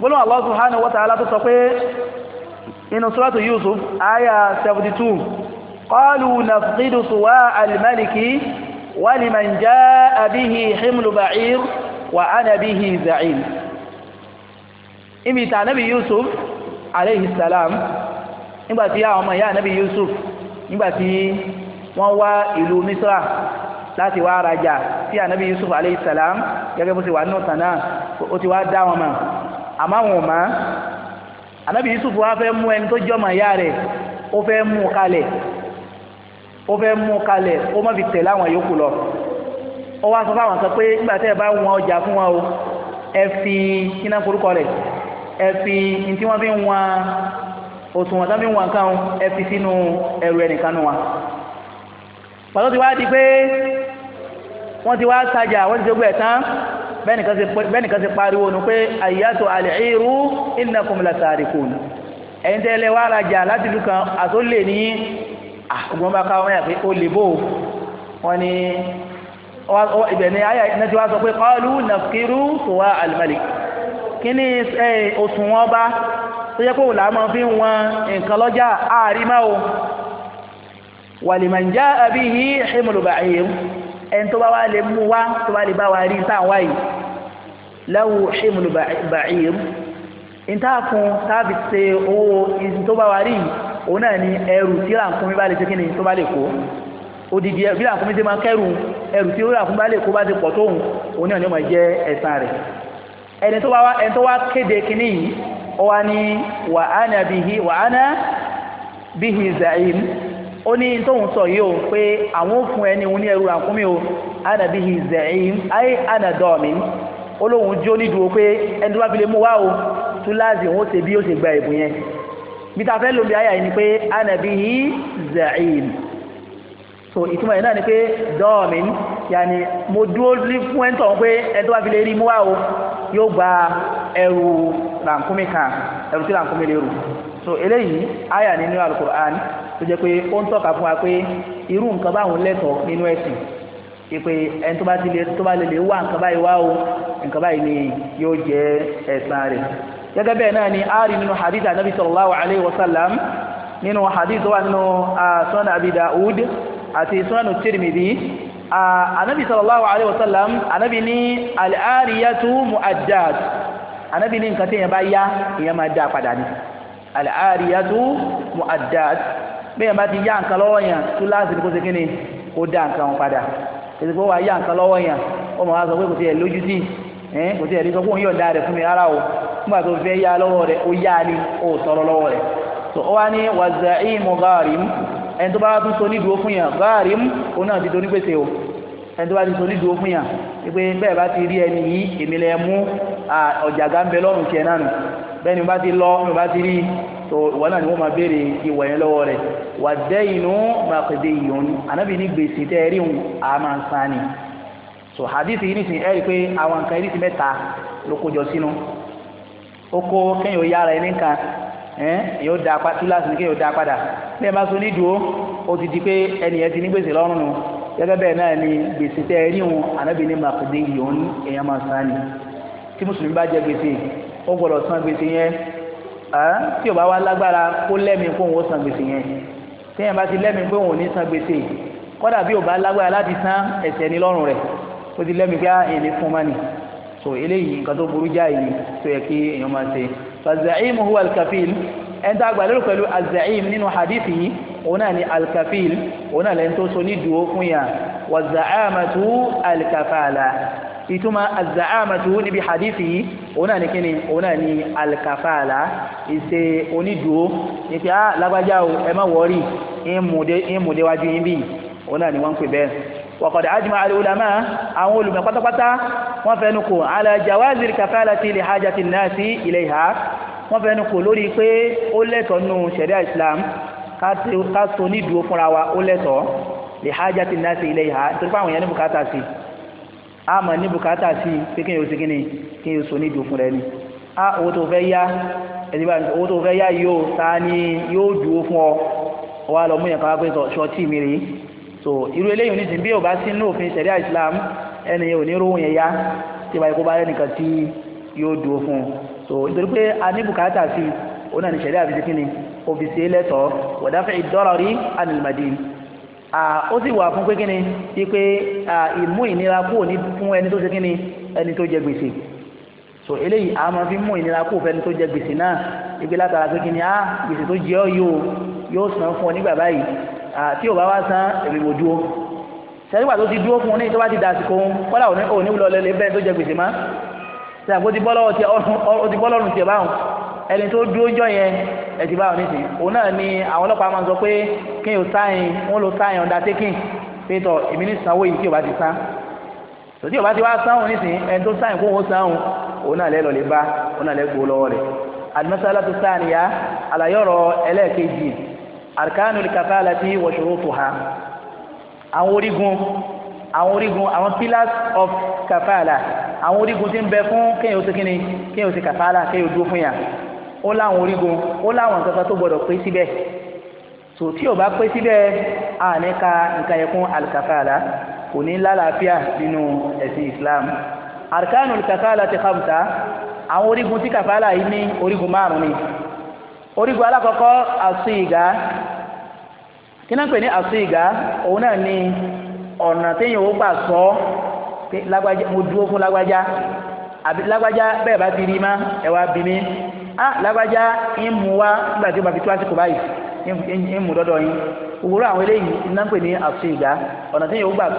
gbọ́nà Allah subhanahu wa ta'ala tó sọ pé inú suratu Yusuf aya 72 qalu nafqidu suwa'a al-maliki wa liman jaa'a bihi himlu ba'ir wa ana bihi za'im ibi ta nabi Yusuf alayhi salam nígbàtí àwọn ọmọ ìyá nabi Yusuf nígbàtí wọ́n wá ìlú Misra láti wá rajà tí ànábì Yusuf alayhi gẹ́gẹ́ bó ti wà nù tànà ó ti wá dá wọn mọ̀ àmọ́ àwọn ò mọ́ anabi yusuf wa fẹ́ mú ẹni tó jọmọ ìyá rẹ̀ ó fẹ́ mú kalẹ̀ ó fẹ́ mú kalẹ̀ ó má fi tẹ̀lé àwọn yòókù lọ ó wá sọ fáwọn sọ pé nígbà tẹ́ ẹ bá wọn ọjà fún wọn o ẹ fi kíná forúkọ rẹ̀ ẹ fi ní tí wọ́n fi ń wọn òṣùwọ̀n tó fi ń wọn nǹkan o ẹ fi sínú ẹrù ẹnìkan nù wọn. pàtó ti wá di pé wọ́n ti wá tajà wọ́n ti ṣe gbẹ̀ tán bẹ́ẹ̀nìkan ti pariwo nù pé àyàtò àlẹ́ìrú innakum latariqun ẹ̀yin tẹ́lẹ̀ wà rajà láti ìlú kan àtólè ní ọgbọ́n bá yà pé ó lè bò wọ́n ní ibẹ̀ ni àyà iná ti wá sọ pé qalu nàfkírú tó wá al kí ni òṣùwọ̀n ọba tó yẹ kó wò fi wọn nǹkan lọ́jà àárí máa wàlìmọ̀ ń já àbí yìí ṣe mọ̀lùbà ẹni tó bá wá lè mú wá tó bá lè bá wa rí táwọn wáyé lahu himlu ba'ir ìtàkùn táàbì ṣe owó ìsìn tó bá wa rí òun náà ni ẹrù tí ràǹkúnmí bá lè ṣe kíni tó bá lè kó odidi bí ràǹkúnmí ti máa bá ti pọ̀ tóun òun náà ni ó máa jẹ́ rẹ̀ ẹni tó wá ẹni tó wá kéde kíní yìí ó wá ní wàhánà bíhi wàhánà bíhi zaim ó ní tóun sọ yìí o pé àwọn ò ẹni òun ní ẹrú ràkúnmí o ànàbí ìzẹ̀yìn ayé ànàdọ́ọ̀mí ó lóun jó nídùú pé ẹni tó bá fi lè mú wá o túláàsì òun ó ṣe bí ó ṣe gba ìbò yẹn bí ta fẹ́ lómi ayà yìí ni pé ànàbí ìzẹ̀yìn so ìtumọ̀ yẹn náà ni pé dọ́ọ̀mì yàní mo dúró fún ẹ̀ńtọ̀ pé ẹni tó bá fi lè rí mú wá o yóò gba ẹrù làǹkúmí kan ẹrù tí làǹkúmí lè rù so eléyìí àyà nínú alukur'an tó jẹ́ pé ó ń tọ́ka fún wa pé irú nǹkan báwọn lẹ́tọ̀ọ́ nínú ẹ̀sìn ìpè ẹni tó bá ti lè tó bá lè wá nǹkan báyìí wá nǹkan báyìí ni yóò jẹ́ ẹ̀san rẹ̀ gẹ́gẹ́ bẹ́ẹ̀ náà ni ari nínú hadith anabi sallallahu alayhi wa sallam nínú hadith wa nínú ah, sunan abi da'ud àti sunanu tirmidhi anabi sallallahu alayhi wa sallam anabi ní al-ariyatu mu'addad anabi ní nǹkan tí èèyàn bá yá èèyàn máa dá padà ní al-ariyatu mu'addad bẹ́ẹ̀ bá ti yá nǹkan lọ́wọ́ yẹn tó láti ní kó ṣe kíni kó dá nǹkan wọn padà èsì pé wà á yá nǹkan lọ́wọ́ yẹn ó mọ̀ wá sọ pé kò tiẹ̀ lójú sí ẹ̀ kò tiẹ̀ lè sọ pé òun yọ̀ǹda rẹ̀ fún mi rárá o nígbà tó fẹ́ yá lọ́wọ́ rẹ̀ ó yá ni ó tọrọ lọ́wọ́ rẹ̀ tó wá ní wàzà ìmùgárì ẹni tó bá tún so nídùú fún yàn gáàrí mú òun náà ti tó nígbèsè o ẹni tó bá ti so nídùú fún yàn pé bẹ́ẹ̀ bá ti rí ẹni yìí èmi lẹ mú ọjà gáńbẹ lọ́rùn tiẹ̀ náà nù bẹ́ẹ̀ ni bá ti lọ ni bá ti rí so ìwọ náà ni wọ́n máa béèrè ìwọ̀ yẹn lọ́wọ́ rẹ̀ wà dẹ́ inú màkàdé ìyọ̀n ànábì ní gbèsè tẹ́ rí òun a máa san ni so hadith yìí nìsín ẹ rí i pé àwọn nǹkan yìí nìsín mẹ́ta ló kó jọ sínú ó kó kéèyàn yára ẹni ẹ yóò da apá kíláàsì ní kéèyàn da padà bí ẹ bá so nídùú ó ti di pé ẹnìyẹn ti ní gbèsè lọ́rùn nù gẹ́gẹ́ bẹ́ẹ̀ náà ni gbèsè tẹ́ ẹ rí òun ànábì ní màkùdé yòún èèyàn máa san ni tí mùsùlùmí bá jẹ gbèsè ó gbọ́dọ̀ san gbèsè yẹn tí ò bá wá lágbára kó lẹ́mìí kó òun ó san gbèsè yẹn tí èèyàn bá ti lẹ́mìí pé òun ò ní san gbèsè kódà bí ò bá lágbára láti san ẹ̀ṣẹ̀ ní lọ́rùn rẹ̀ ó ti lẹ́mìí pé ah, à so eléyìí nǹkan tó burú jáì ni tó yẹ kí èèyàn máa ṣe fazaim huwa alkafil ẹni tá a gbà lérò pẹ̀lú azaim nínú hadithi yìí òun náà ni alkafil òun náà lẹ́yìn tó so ní dùó fún yà wàzàámàtú alkafala ìtumọ̀ azaamatu níbi hadithi yìí òun náà ni kíni òun náà ni alkafala ìṣe onídùó ní á ah, lágbájá o ẹ má wọrí ìmùdéwájú yín bí òun náà ni wọ́n ń pè bẹ́ẹ̀. وقد أجمع العلماء أقول من قطع قطع وفنكو على جواز الكفالة لحاجة الناس إليها وفنكو لوري كي أولت أنه شريعة الإسلام كاتوني دو فراوة أولت لحاجة الناس إليها ترفع ويعني بكاتا سي أما ní bùkátà sí pé kí n yóò sí gíní kí n yóò يو ní ìdò fúnra ẹni a owó tó fẹ́ yá ẹ̀dìbà owó tó fẹ́ mi rèé so irú eléyìí ní sìn bí ò bá sínú òfin ṣẹ̀ríà Islam ẹni ò ní róhun yẹn yá tí wàá kó bá rẹ nìkan tí yóò dúró fún un so nítorí pé a ní bùkátà sí òun náà ní ṣẹ̀ríà fi ṣe kí ni òfìsè lẹ́tọ̀ọ́ wọ̀dáfẹ́ ìdọ́rọ̀rí anìlmàdín ó sì wà fún pé kí ni bí pé ìmú ìnira kúrò fún ẹni tó ṣe ni ẹni tó jẹ gbèsè so eléyìí a máa fi mú ìnira kúrò fẹ́ni tó jẹ gbèsè náà ibi látara pé kí ni á gbèsè tó jẹ ọ́ yóò yóò san fún ọ nígbà báyìí tí ò bá wá san èmi mo dúró sẹ́yìnbà tó ti dúró fún un ní ìtọ́wá ti dà sí kóhun kọ́lá òní wúlọ́lẹ̀ lè bẹ́ẹ̀ tó jẹ gbèsè má sẹ́yìnbó ti bọ́ lọ́rùn tiẹ̀ báwọn ẹni tó dúró jọ yẹn ẹ ti báwọn nísìnyí òun náà ni àwọn ọlọ́pàá máa ń sọ pé kí n ò sáyìn wọn lò sáyìn undertaking pé tọ èmi ní sanwó yìí tí ò bá ti san tòtí ò bá ti wá sanwó nísìnyí ẹni tó sáyìn kóhun sanwó òun náà lẹ́ lọ lè bá òun náà arkanu likafalati wa shurutuha àwọn orígun àwọn orígun àwọn pillars of kafala àwọn orígun tí ń bẹ fún kéèyàn ó ṣe kíni kéèyàn ó ṣe kafala kéèyàn ó dúró fún yà ó láwọn orígun ó láwọn nǹkan kan tó gbọdọ̀ pé síbẹ̀ tò tí ò bá pé síbẹ̀ àní ka nǹkan yẹn fún alikafala kò ní lálàáfíà nínú ẹ̀sìn Islam arkanu likafala ti khamsa àwọn orígun tí kafala yìí ní orígun márùn-ún ni orígun alákọ̀ọ́kọ́ àṣìgá kí náà pè ní àṣìgá òun náà ni ọ̀nà téèyàn ó gbà sọ lágbájá mo dúró fún lágbájá àbí lágbájá bẹ́ẹ̀ bá ti rí má ẹ wá bí mi á lágbájá ń mú wá nígbà tí ó bá fi tó àsìkò báyìí ń mú dọ́dọ̀ yín òwúrọ̀ àwọn eléyìí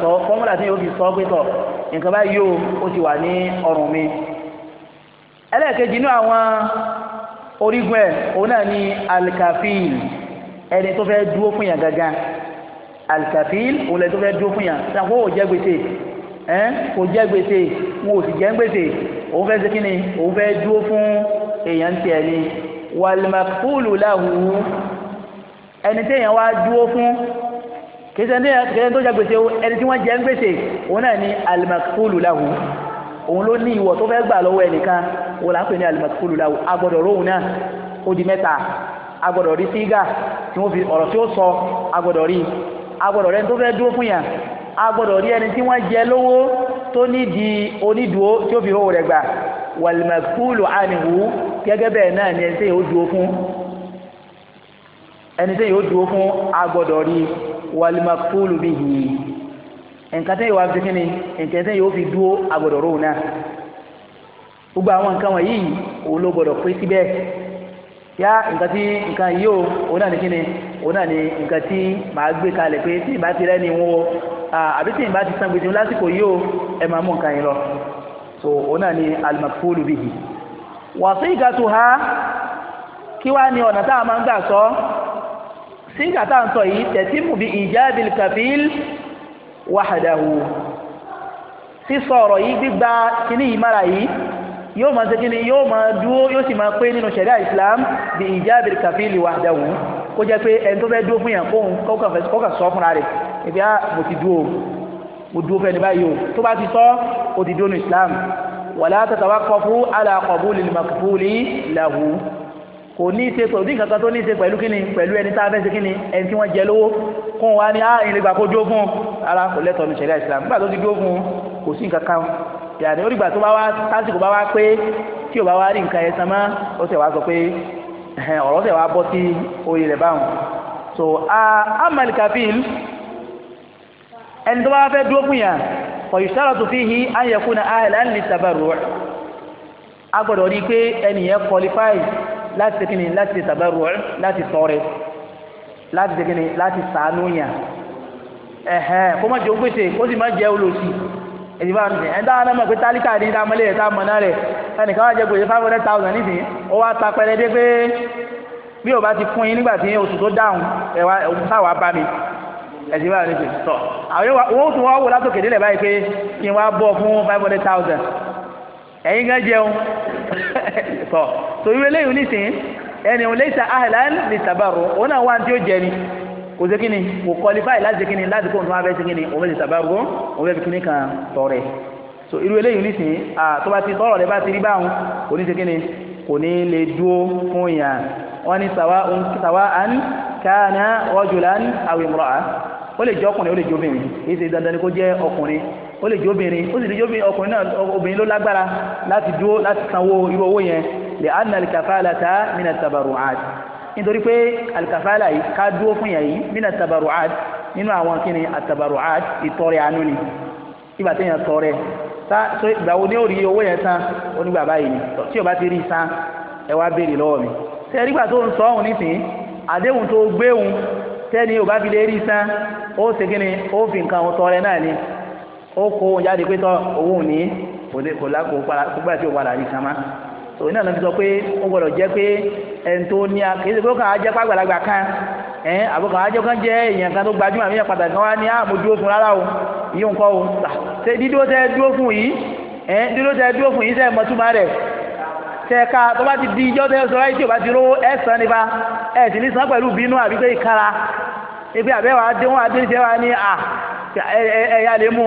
sọ fọ́múlà fi sọ pé tọ̀ nǹkan báyìí yóò ó ti wà ní ọrùn mi orígun ẹ̀ òun náà ni alikafil ẹni tó fẹ́ dúró fún yàn gangan alikafil òun lẹni tó fẹ́ dúró fún yàn sàn kó o jẹ́ gbèsè ẹ́ kò jẹ́ gbèsè wọn ò sì jẹ́ gbèsè òun fẹ́ ṣe kí ni òun fẹ́ dúró fún èèyàn tiẹ̀ ni walimakulu lahu ẹni tí èèyàn wá dúró fún kìí ṣe tó jẹ́ gbèsè ẹni tí wọ́n jẹ́ gbèsè òun náà ni alimakulu lahu òun ló ní ìwọ̀ tó fẹ́ gbà lọ́wọ́ ẹnìkan wọ́n là ń pè ní alimakulu lawo agbọ́dọ̀ róhùn náà ó di mẹ́ta agbọ́dọ̀ rí sígà tí wọ́n fi ọ̀rọ̀ tí ó sọ agbọ́dọ̀ rí agbọ́dọ̀ rẹ́ni tó fẹ́ dúró fún yàn agbọ́dọ̀ rí ẹni tí wọ́n jẹ lówó tó nídìí onídùó tí ó fi hó rẹ̀ gbà walimakulu anihu gẹ́gẹ́ bẹ́ẹ̀ náà ni ẹni tí yóò dúró fún ẹni tí yóò dúró fún agbọ́dọ̀ rí walimakulu bihi nǹkan tẹ́ ìwà fífi ni nǹkan tẹ́ yóò fi dúró agbọ̀dọ̀ róò náà gbogbo àwọn nǹkan wọ̀nyí òun ló gbọ́dọ̀ pé síbẹ̀ yá nǹkan tí nǹkan yìí o òun náà ní kíni òun náà ní nǹkan tí màá gbé kalẹ̀ pé tí ìbá ti rẹ́ni wọn àbí tí ìbá ti san gbèsè lásìkò yìí o ẹ máa mú nǹkan yìí lọ so òun náà ní alimakufulu bìyì wàásù ìgàtù ha kí wàá ní ọ̀nà táwọn máa ń gbà sọ sí ìgàtà ń sọ yìí tẹ̀síìmù bíi kàfíìl wahdahu sísọ ọ̀rọ̀ yìí gbígba kíní yìí mára yìí yóò máa ṣe kíní yóò máa dúó yóò sì máa pé nínú ṣẹ̀ríà Islam bí ijabil kafili wahdahu kó jẹ́ pé ẹni tó fẹ́ dúó fún yàn kóhun kọ́kà sọ fúnra rẹ̀ ìbí á ah, mo ti kò ní í ṣe pẹ̀lú ní kankan tó ní ṣe pẹ̀lú kíni pẹ̀lú ẹni tá a fẹ́ ṣe kíni ẹni tí wọ́n jẹ lówó kún wa ní á ah, ìrìnlẹ̀gbà kó dúró ara kò lẹ́tọ̀ọ́ ní ṣẹ̀ríà Islam nígbà tó ti dúró kò sí nǹkan kan yàrá tó bá wá tásìkò bá wá pé tí ò bá wá rí nǹkan ẹ̀sán mọ́ ó sì wá sọ pé ọ̀rọ̀ sì wá bọ́ sí oyè rẹ̀ báwọn. so amali kafil ẹni tó bá fẹ́ dúró fún yàn fọ̀yìṣàrọ̀ tó pé ẹnìyẹn qualify láti ṣe kíni láti ṣe tàbárò láti tọrẹ láti ṣe kíni láti sàánú yàn ẹ̀hẹ́ kó má jẹ́ ògbèsè kó sì má jẹ́ olóòsì èyí bá ń sìn ẹ̀ńdá wọn mọ̀ pé tálíkà ní ìdámọ́lé ẹ̀ta mọ̀nà rẹ̀ ẹnìkan wá jẹ́ gbèsè five hundred thousand nísìnyí ó wá ta pẹlẹ dé pé bí o bá ti fún yín nígbà tí oṣù tó dáhùn ẹwà sáwà bá mi ẹsìn bá mi tọ àwọn yóò wọ́n tún wọ́n wò látòkè délẹ̀ báyìí pé kí n wá bọ̀ fún five hundred thousand ẹ̀yin gan jẹun tọ́ so ìwé lẹ́yìn onísìn ẹni òun lẹ́sà ahlan ní tabarru òun náà wá tí ó jẹ ni kò sí kíni kò qualify láti ṣe kíni láti kó nǹkan abẹ́ sí kíni òun lè tabarru òun lè fi kíni kan tọrẹ so ìwé lẹ́yìn onísìn tó bá ti tọrọ rẹ bá ti rí báwọn kò ní ṣe kíni kò ní lè dúó fún yàn wọn ni sàwa an kana rajulan aw imra'a ó lè jẹ́ ọkùnrin ó lè jẹ́ obìnrin kì í ṣe dandan ni kó jẹ́ ọkùnrin ó lè jẹ́ obìnrin ó sì lè jẹ́ obìnrin ọkùnrin náà obìnrin ló lágbára láti dúró láti sanwó irú owó yẹn lè anna alikafala ta mina tabaru ad nítorí pé alikafala yìí ká dúró fún yẹn yìí mina tabaru ad nínú àwọn kíni atabaru ad ìtọrẹ àánú ni ìgbà téèyàn tọrẹ tá ìgbà wo ni ó rí owó yẹn san onígbà báyìí ni tí o bá ti rí san ẹ wá béèrè lọ́wọ́ mi tẹ́rí gbà tó ń sọ ọ̀hún nísìnyí àdéhùn tó gbéhùn tẹ́ni ò bá fi lè rí san ó ṣe kíni ó fi nǹkan tọrẹ náà ni ó kó wọn jáde pé tọ́ owó òní kò lákò gbà tí ó padà rí sánmá tò ní àná fi sọ pé ó gbọ́dọ̀ jẹ́ pé ẹni tó ní a kìí ṣe pé ó kàn á jẹ́ pàgbàlagbà kan ẹ̀ àbúkọ̀ àjọ kan jẹ́ èèyàn kan tó gbajúmọ̀ àmì pàtàkì kan wá ní àmú dúró fún rárá o yìí ń kọ́ o ṣe dídúró tẹ dúró fún yìí ẹ̀ dídúró tẹ dúró fún yìí sẹ́ mọ́túmọ́ rẹ̀ tẹ̀ka tó bá ti di ijọ́ tẹ́ sọ láyé tí o bá ti ebi àbẹ́wà adéhùn adéṣẹ́ wa ní à ah, ẹ̀yà lè mú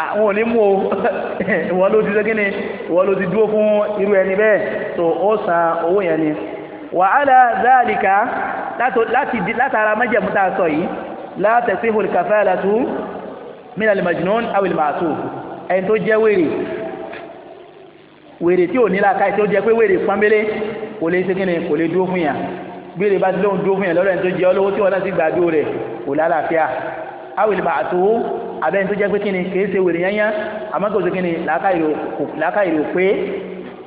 àwọn ah, òní mú o ìwọ ló ti ṣe kíni ìwọ ló ti dúró fún irú ẹni bẹ́ẹ̀ tó ó san owó yẹn ni wàhálà záàlìkà látara mẹ́jẹ̀mú tá a sọ yìí látẹ̀sí olùkàfẹ́ àlàtú mina al-majnun aw al-ma'suf ẹni tó jẹ́ wèrè wèrè tí ò ní làákàyè tó jẹ́ pé wèrè pọ́nbélé kò lè ṣe kíni kò lè dúró fún yàn béèrè bá ti lóhun dúró fún yẹn lọ́rọ̀ ẹni tó jẹ́ olówó tí wọ́n náà ti gbàdú rẹ̀ kò lálàáfíà awìlì bá àtò abẹ́ni tó jẹ́ pé kíni kìí ṣe wèrè yányá àmọ́ kò sí kíni làákàyèrè pé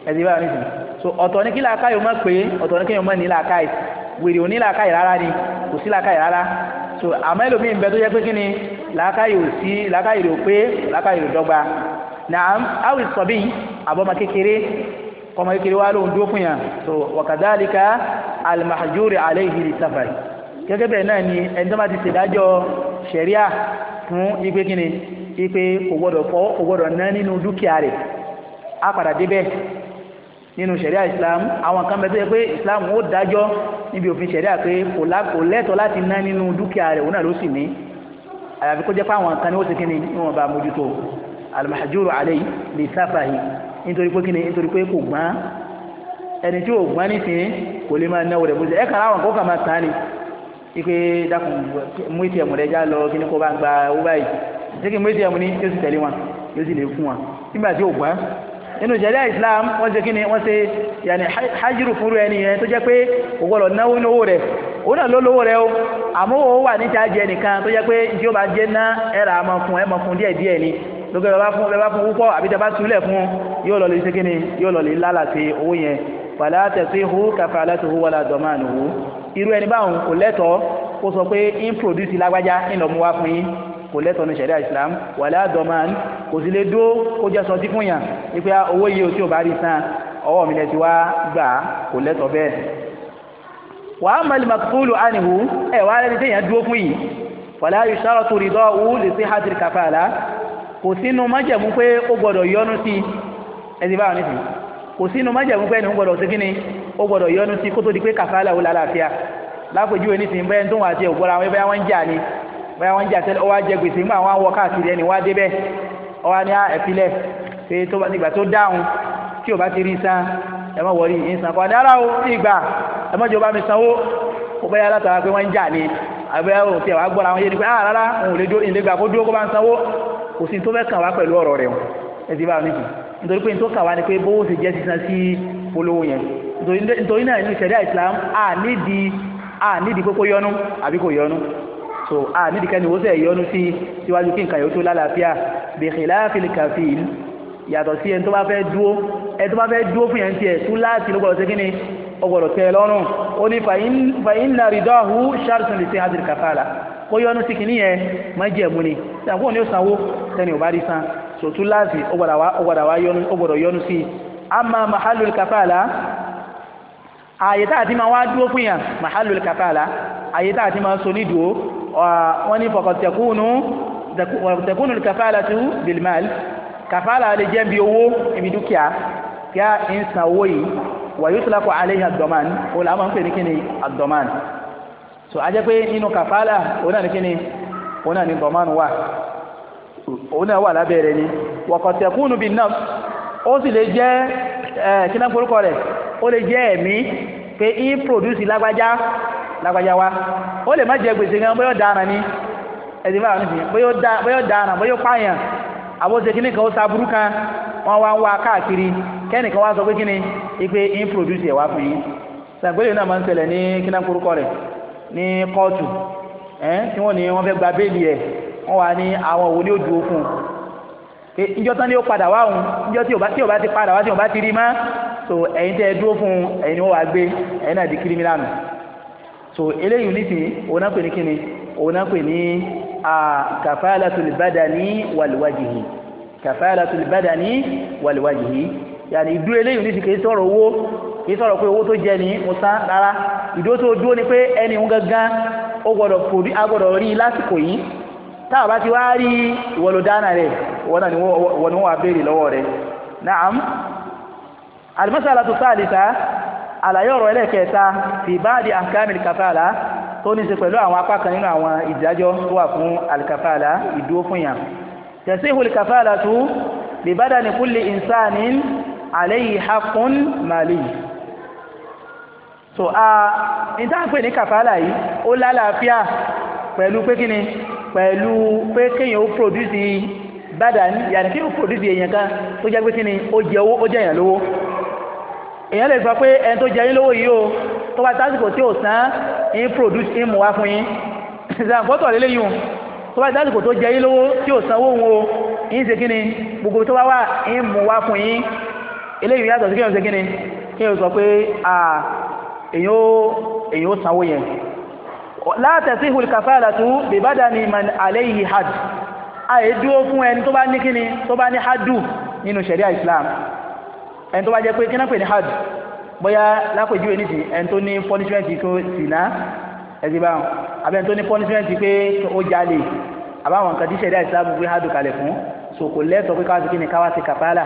ẹ̀sìn bá nìsín so ọ̀tọ̀ ní kí làákàyè má pé ọ̀tọ̀ ní kéèyàn má ní làákàyè wèrè ò ní làákàyè rárá ni kò sí làákàyè rárá so àmọ́ ẹlòmíì ń bẹ tó jẹ́ pé kíni làákàyè ò sí làákàyè ò pé na awìlì sọ bíi àbọ̀mọ kékeré kọmọ kékeré wa lóhun dúró fún yà so wàkàdálíkà alimahajúri alayhi lisafari gẹ́gẹ́ bẹ́ẹ̀ náà ni ẹni tó bá ti ṣèdájọ́ ṣẹ̀ríà fún ipe kíni ipe kò gbọ́dọ̀ fọ́ kò gbọ́dọ̀ ná nínú dúkìá rẹ̀ á padà débẹ̀ nínú ṣẹ̀ríà islam àwọn kan bẹ́ẹ̀ tó yẹ pé islam ó dájọ́ níbi òfin ṣẹ̀ríà pé kò lẹ́tọ̀ọ́ láti ná nínú dúkìá rẹ̀ òun náà ló sì ní àyàfi kó jẹ́ pé àwọn kan ni ó ti kíni níwọ̀n bá mójútó alimahajúri alayhi lisafari nítorí pé kíni nítorí pé kò gbọ́n ẹni tí ò gbọ́n nísìnyí kò lè máa náwó rẹ̀ bó ṣe ẹ kàrà àwọn máa ike dákun mú atm rẹ já lọ kí ni kó bá gba owó báyìí ṣé kí mú atm ní yóò sì tẹ̀lé wọn yóò sì lè fún wọn nígbà tí islam wọ́n ṣe kíni wọ́n ṣe yàní hajjiru ẹni yẹn tó jẹ́ pé náwó lówó rẹ̀ òun náà ló lówó rẹ̀ o àmọ́ wà ni lókè lọ́ba fún lọ́ba fún púpọ̀ àbí tẹ́bá túlẹ̀ fún yóò lọ lè ṣe kí ni yóò lọ lè lálàsí owó yẹn fàlà tẹ̀sí hu kàfà láti hu wàlà dọ̀mà nìhu irú ẹni báwọn kò lẹ́tọ̀ọ́ kó sọ pé in produce lágbájá ńlọ mú wá fún yín kò lẹ́tọ̀ọ́ ní sẹ̀ríà Islam wàlà dọ̀mà kò sì lè dó kó jẹ́ sọ sí fún yàn wípé ah, owó yìí ò tí ò bá rí san ọwọ́ mi lẹ ti wá gbà kò lẹ́tọ̀ọ́ bẹ́ẹ̀ wà á mọ̀lì màkúlù ánìhù ẹ̀ wà rẹ̀ ní tẹ̀yàn dúró fún yìí fàlà yìí sọ̀rọ̀ tó rí dọ́ọ̀wù lè sí hàtìrì kàfà àlá kò sínú májẹ̀mú pé ó gbọ́dọ̀ yọnu sí ẹni báwọn nísìnyí kò sínú májẹ̀mú pé ẹni ó gbọ́dọ̀ sí kíni ó gbọ́dọ̀ yọnu sí kó tó di pé kàfàlà ó lálàáfíà lápèjúwe nísìnyí bẹ́ẹ̀ tó wà sí ògbọ́ra wọn bẹ́ẹ̀ wọ́n ń jà ni bẹ́ẹ̀ wọ́n ń jà tẹ́lẹ̀ ó wá jẹ gbèsè nígbà wọn wọ káàkiri ẹni wá débẹ̀ ó wá ní ẹ̀fílẹ̀ pé ìgbà tó dáhùn tí ò bá ti rí san ẹ má wọrí ìsàn kan dára o ìgbà ẹ má jẹ ó mi sanwó ó bẹ́ẹ̀ yára pé wọ́n ń jà ni àbẹ́ òun tiẹ̀ wá gbọ́ra wọn yé ni pé ah rárá òun ò lè dúró dúró kó bá ń sanwó kò sí tó fẹ́ kàn wá pẹ̀lú ọ̀rọ̀ rẹ̀ o ẹ̀sìn bá mi nítorí pé ní tó kàn wá ni pé bówó ṣe jẹ́ sísan sí polówó yẹn nítorí náà ní ìṣẹ̀dá Islam a nídìí a nídìí kókó yọnu àbí kò yọnu so a nídìí kẹ́ni wọ́n sẹ̀ yọnu sí síwájú kí nǹkan yóò tó lálàáfíà bi khilafil kafil yàtọ̀ sí ẹni tó bá fẹ́ dúó ẹni tó bá fẹ́ dúó fún yẹn tiẹ̀ tú láti ló gbọ́dọ̀ sí kíni ó gbọ́dọ̀ tẹ́ lọ́rùn ó ní fàyín náà rí dọ́ọ̀hù ṣáàtúndì sí àdìrí kàfàlà kó yọnu sí kìíní yẹn májẹ̀mú ni ṣàkóso ni ó sanwó sẹ́ni ò bá rí san sòtú láàzì ó gbọ́dọ̀ wá sí i ama mahalul kafala ààyè tá a wá dúró fún yàn mahalul kafala ààyè tá a so ní dúró wọ́n ní fọkàntẹ̀kùnú kafala tu bilmal kafala lè jẹ́ bí owó ibi dúkìá kí a ń san owó yìí wàyí tó lákọ̀ àlẹ́ so ajẹ́ pé nínú kàfàlà òun náà ní kíni òun náà ní bọ̀mánu wà òun náà wà lábẹ́ rẹ̀ ni wọ̀kọ̀tẹ̀kùnù bí náà ó sì lè jẹ́ ẹ̀ kí rẹ̀ ó lè jẹ́ ẹ̀mí pé í produce lágbájá lágbájá wa ó lè má jẹ gbèsè gan bóyá dára ni ẹ̀sìn báwọn nìyí bóyá dára bóyá pààyàn àbóṣe kíní kan ó sábúrú kan wọ́n wá ń wá káàkiri kẹ́nìkan wá sọ pé kíni ipe í produce ẹ̀ wá fún yín sàgbélé náà máa ń ṣẹlẹ̀ ní kí náà rẹ̀ ní kóòtù ẹ̀ tí wọ́n ní wọ́n fẹ́ gba béèlì rẹ̀ wọ́n wà ní àwọn òwò ní ojú okùn pé ìjọ tán ni ó padà wá òun ìjọ tí ò bá tí ò bá ti padà wá tí ò bá ti rí má so ẹ̀yin tẹ́ ẹ dúró fún ẹ̀yin ni wọ́n wá gbé ẹ̀yin náà di kírímìnàlù so eléyìí nísìnyí òun náà pè ní kíni òun náà pè ní kàfáàlà tòlùbádà ní wàlúwàjì yìí kàfáàlà tòlùbádà ní wàlúwàjì yìí yàní ìdúró eléyìí ní ti kì í sọ̀rọ̀ owó kì í sọ̀rọ̀ pé owó tó jẹ ní mo rárá ìdúró tó dúró ni pé ẹni ń gangan ó gbọ́dọ̀ kòrí agbọ́dọ̀ rí lásìkò yìí táwọn bá ti wá rí ìwọ dáná rẹ ìwọ ni wọn wà béèrè lọ́wọ́ rẹ naam alimasala tó sáà lisa àlàyé ọ̀rọ̀ ẹlẹ́kẹta fi báàdì àkàmì kàfàlà tó ní í ṣe pẹ̀lú àwọn apá kan nínú àwọn ìdájọ́ tó wà fún alikàfàlà ìdúró fún yàn tẹ̀síhùl alayhi haqqun mali so a ìtànpè ní kàfàlà yìí ó lálàáfíà pẹ̀lú pé kíni pẹ̀lú pé kéèyàn ó produce badan yàtọ̀ kéèyàn ó produce èèyàn kan tó jẹ́ pé kíni ó jẹ owó ó jẹ èèyàn lówó èèyàn lè sọ pé ẹni tó jẹ yín lówó yìí o tó bá tásìkò tí ò sán ń produce in mú wá fún yín ìsàǹfọ́tọ̀ lélẹ́yìn o tó bá tásìkò tó jẹ yín lówó tí ò sanwó òun o ń ṣe kí gbogbo tó bá wà ń mú fún yín eléyìí yàtọ̀ sí kéèyàn ṣe kíni kéèyàn sọ pé èyàn ó sanwó yẹn látẹ̀sí hulkafalatu bibadani man alayhi had àyè dúró fún ẹni tó bá ní kíni tó bá ní hadu nínú ṣẹ̀ríà Islam ẹni tó bá jẹ́ pé kí náà pè ní hard bóyá lápèjúwe ní ti ẹni tó ní punishment kó sìnà ẹ̀sìn báwọn àbí ẹni tó ní punishment pé ó jalè àbáwọn nǹkan kí ni káwá sí kàfàlà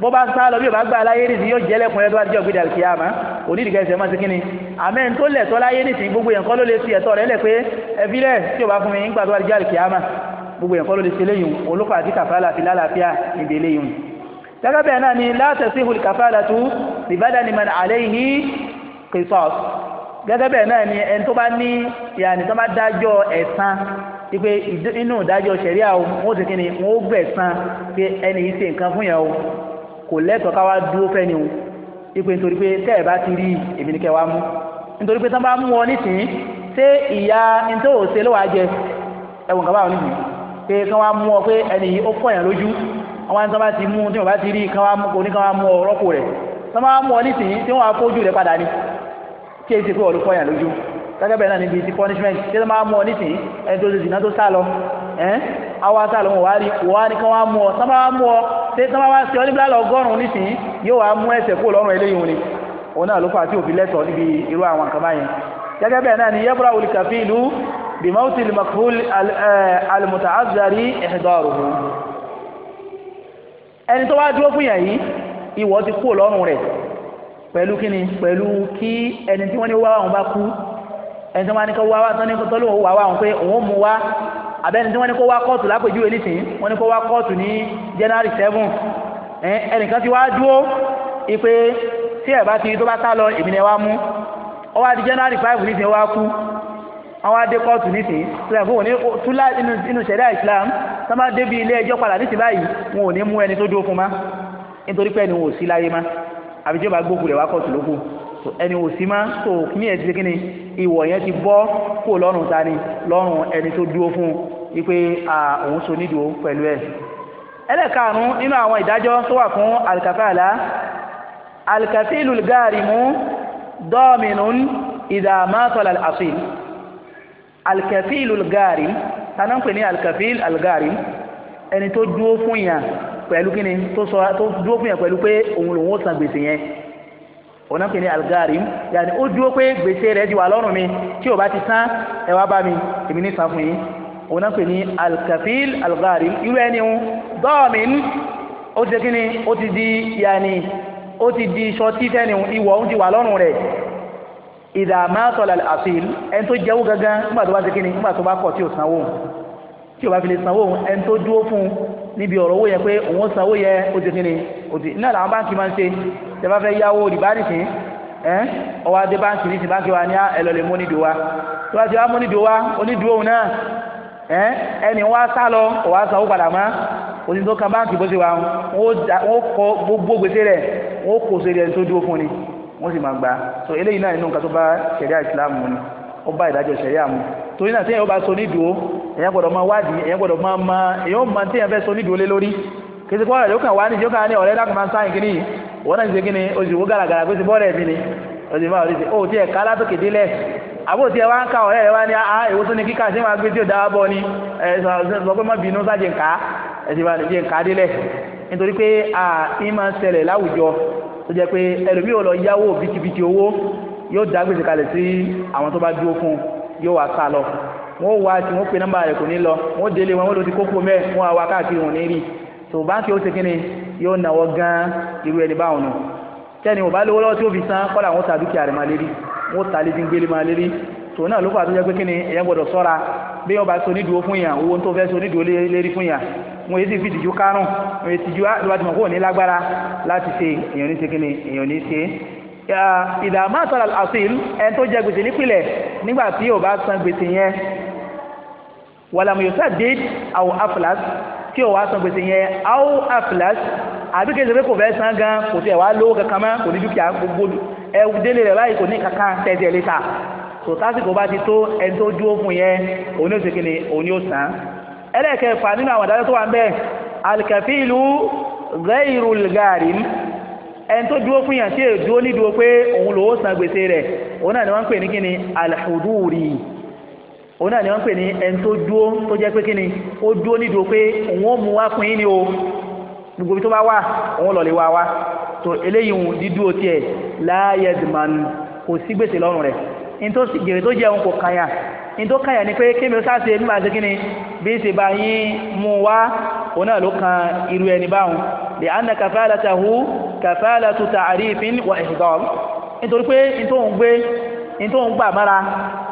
bó bá ń sá lọ bí o bá gbà láyé nìsín yóò jẹ́lẹ̀ kún ẹ tó bá ti jẹ́ ògbédè àlùkìyàmá onídìgẹ́ ẹsẹ̀ máa ti kíni àmẹ́ ń tó lẹ̀ tọ́ láyé nìsín gbogbo yẹn kọ́ ló lè fi ẹ̀tọ́ rẹ̀ lẹ̀ pé ẹbí rẹ̀ tí o bá fún mi nígbà tó bá ti jẹ́ àlùkìyàmá gbogbo yẹn kọ́ ló lè ṣe léyìn olókọ́ àti kàfàlà fi lálàáfíà ìdè léyìn gẹ́gẹ́ bẹ́ẹ̀ náà ni látẹ̀sí hul kàfàlà tu ìbádà ni mọ̀nà àlẹ́ yìí kìsọ́s gẹ́gẹ́ bẹ́ẹ̀ náà ni ẹni tó bá ní ìyàní tó bá dájọ́ ẹ̀san ipe inú ìdájọ́ ṣẹ̀ríà wọn ó ti kíni wọn ó gbẹ̀san pé ẹni yìí ṣe nǹkan fún yẹn o kò lẹ́tọ̀ọ́ ká wá fẹ́ ni o ipe nítorí pé tẹ́ ẹ̀ bá ti rí èmi ní kẹ́ wá mú nítorí pé tán bá mú wọn nísìnyí ṣé ìyá nítorí òṣèlú ló wàá jẹ ẹ̀wọ̀n kan báwọn nísìnyí pé kán wá mú ọ pé ẹni yìí ó kọ̀yàn lójú àwọn ẹni tán bá ti mú tí wọn bá ti rí ni kí punishment tí wọ́n máa mú ọ nísìnyí ẹni tó ti àwọn asá lòun wá rí wá ní kán wá mú ọ sábà wá mú ọ tí sábà wá sí ọ níbi lálọ ọgọ́rùn nísìnyí yóò wá mú ẹsẹ̀ kúrò lọ́rùn eléyìí ni òun náà ló fà tí òfin lẹ́tọ̀ọ́ níbi irú àwọn nǹkan báyẹn gẹ́gẹ́ bẹ́ẹ̀ náà ni yẹ́bùrà wùlì kàfí ìlú bìmọ́tì makful alimutaazari eh, ihdaruhu ẹni tó wá dúró fún yàn yìí ìwọ ti kúrò lọ́rùn rẹ̀ pẹ̀lú kíni pẹ̀lú kí ẹni tí wọ́n ní wá wà wọn bá kú ẹni tí wọ́n ní kọ́ wá wá tán ní tọ́lú òun wà wá wọn pé òun mú àbẹ́ni tí wọ́n ní kó wá kóòtù lápèjúwe nísìnyí wọ́n ní kó wá kóòtù ní january seven ẹnìkan ti wá dúró ipe tí ẹ̀ bá ti tó bá sá lọ èmi ni ẹ wá mú ọ wá di january five nísìnyí ó wá kú àwọn adé kóòtù nísìnyí tó yẹ fún òní túlá inú ṣẹ̀ríà islam tó máa débi ilé ẹjọ́ padà nísìnyí báyìí wọn ò ní mú ẹni tó dúró fún ma nítorí pé ẹni wọn sí láyé ma àbíjọba gbókù rẹ̀ wá kóòtù lókù so ẹni ò sí máa so ní ẹ̀ ti ṣe kíni ìwọ̀ yẹn ti bọ́ kó lọ́rùn ta ni lọ́rùn ẹni tó dúró fún wípé òun so nídìí òun pẹ̀lú ẹ̀ ẹlẹ́karùn-ún nínú àwọn ìdájọ́ tó wà fún alikafala alikafilu gaarimu dọ́ọ̀mìnún ìdààmásọ̀lá àṣìl alikafilu gaarim tani ń pè ní alikafil algaarim ẹni tó dúró fún yàn pẹ̀lú kíni tó dúró fún yàn pẹ̀lú pé òun lòun ó san gbèsè yẹn òun náà ní algarim yàtọ̀ ó dúró pé gbèsè rẹ̀ ti wà lọ́rùn mi tí ò bá ti san ẹ bá mi èmi ní san fún yín ní alkafil algarim irú ẹni ń dọ́ọ̀mìn ó ti kíni ó ti di yàní ó ti di sọtí tẹ́ni ìwọ̀ ń ti wà lọ́rùn rẹ̀ ìdààmásọ̀lá àfihàn ẹni tó jẹ́wó gangan nígbà tó bá ti kíni nígbà tó bá kọ̀ tí ò sanwó tí ò bá fi lè sanwó ẹni tó dúró fún níbi ọ̀rọ̀ owó yẹn pé òun ó sanwó yẹn ó ti kíni òdì náà làwọn báńkì máa ń ṣe tẹ́ bá fẹ́ yáwó rìbá nìsín ẹ́n ọwọ́ adé báńkì ní ti báńkì wa ní ẹlọ́lẹ̀ mónídùú wa tó bá ti wá mónídùú wa onídùú òun náà ẹ́n ẹni wá sá lọ ọwọ́ aṣọ owó padà mọ́ oní tó kan báńkì bó ṣe wà wọ́n kọ gbogbo gbèsè rẹ̀ wọ́n kò ṣe rẹ̀ tó dúró fún ni wọ́n sì máa gbà so eléyìí náà nínú nǹkan tó bá ṣẹ̀ríà ìsìlámù mu ni ó bá ìdájọ́ ṣẹ̀ríà mu torí náà téèyàn bá so nídùú èèyàn gbọ́dọ̀ máa wádìí èèyàn gbọ́dọ̀ máa ma èèyàn máa téèyàn fẹ́ so nídùú lé lórí kìí bọ́ọ̀lù rẹ̀ ó kàn wá ní ìjọba ní ọ̀rẹ́ dákùnmá sáyìn kìíní wọ́n náà ti ṣe kíni oṣù gàràgàrà pé ti bọ́ọ̀lù ẹ̀mí ni oṣù máa rí sí ó tiẹ̀ ká látòkè délẹ̀ àbò tiẹ̀ wá ń ka ọ̀rẹ́ rẹ̀ wá ní àá èwo tó ní kíkà sí máa gbé tí bọ́ ni ẹ sọ pé má bínú sájì ń ká ẹ ti bá ní jẹ́ ń ká délẹ̀ nítorí pé à ń máa ń ṣẹlẹ̀ láwùjọ tó jẹ́ pé ẹlòmíì ò lọ yáwó bìtìbìtì owó yóò dá gbèsè kalẹ̀ sí àwọn tó bá dúró fún yóò wá sá lọ wọ́n wá tí wọ́n pe nọ́mbà rẹ̀ kò ní lọ wọ́n délé wọn wọ́n lọ ti kókó mẹ́ẹ̀ wọ́n wá káàkiri wọn ní rí so báńkì ó ṣe kí ni yóò náwó gan irú ẹni báwọn nù tẹ́ni ò bá lówó lọ́wọ́ tí ó fi san kọ́lá àwọn tàbí kí àrẹ̀ lérí wọ́n ta lé dígbélé máa lérí tò náà ló fà tó jẹ́ pé kí ni gbọ́dọ̀ sọ́ra bí wọ́n bá so nídùú fún yàn owó tó fẹ́ so nídùú lérí fún yàn wọ́n èsì fi tìjú kárùn wọ́n èsì ju àdúrà tí mo kò ní lágbára láti ṣe èèyàn ní ṣe kí ni èèyàn ní ṣe ìdààmú àtàrà àṣìl ẹni tó jẹ gbèsè nípìnlẹ̀ nígbà tí ò bá san gbèsè yẹn wàlàmù yóò sá àwọn aflas tí ó wá san gbèsè yẹn how aflas àbí kí n ṣe pé kò fẹ́ san gan kò tẹ̀ wá lówó kankan mọ́ kò ní dúkìá gbogbo ẹ délé rẹ̀ báyìí kò ní kankan tẹ̀sí ẹ̀ létà tó tásìkò bá ti tó ẹni tó dúró fún yẹn òun yóò ṣe kíni òun yóò ẹlẹ́kẹ̀ẹ́fà nínú àwọn àdájọ́ tó wà ń bẹ̀ alkafilu ghairul garim ẹni tó dúró fún yàn tí èdúró nídúró pé òun lòó san gbèsè rẹ̀ òun náà ni wọ́n ń pè ní kíni alhuduri òun náà ni wọ́n pè ní ẹni tó dúó tó jẹ́ pé kíni ó dúó nídùú pé òun ó mú wá fún yín o gbogbo ibi tó bá wà òun lọ lè wá wá tó eléyìí hùn dídúó tiẹ̀ láàyè dìmọ̀nù kò sí gbèsè lọ́rùn rẹ̀ gèrè tó jẹ́ òun kò kàyà ní tó kàyà ni pé kémi ó sáàsì nígbà tí kíni bí ṣe bá yín mú wá òun náà ló kan irú ẹni báwọn lè anna kafalatahu kafalatu ta'rifin wa ihdar nítorí pé ní tó ń gbé ní tó ń gbà mára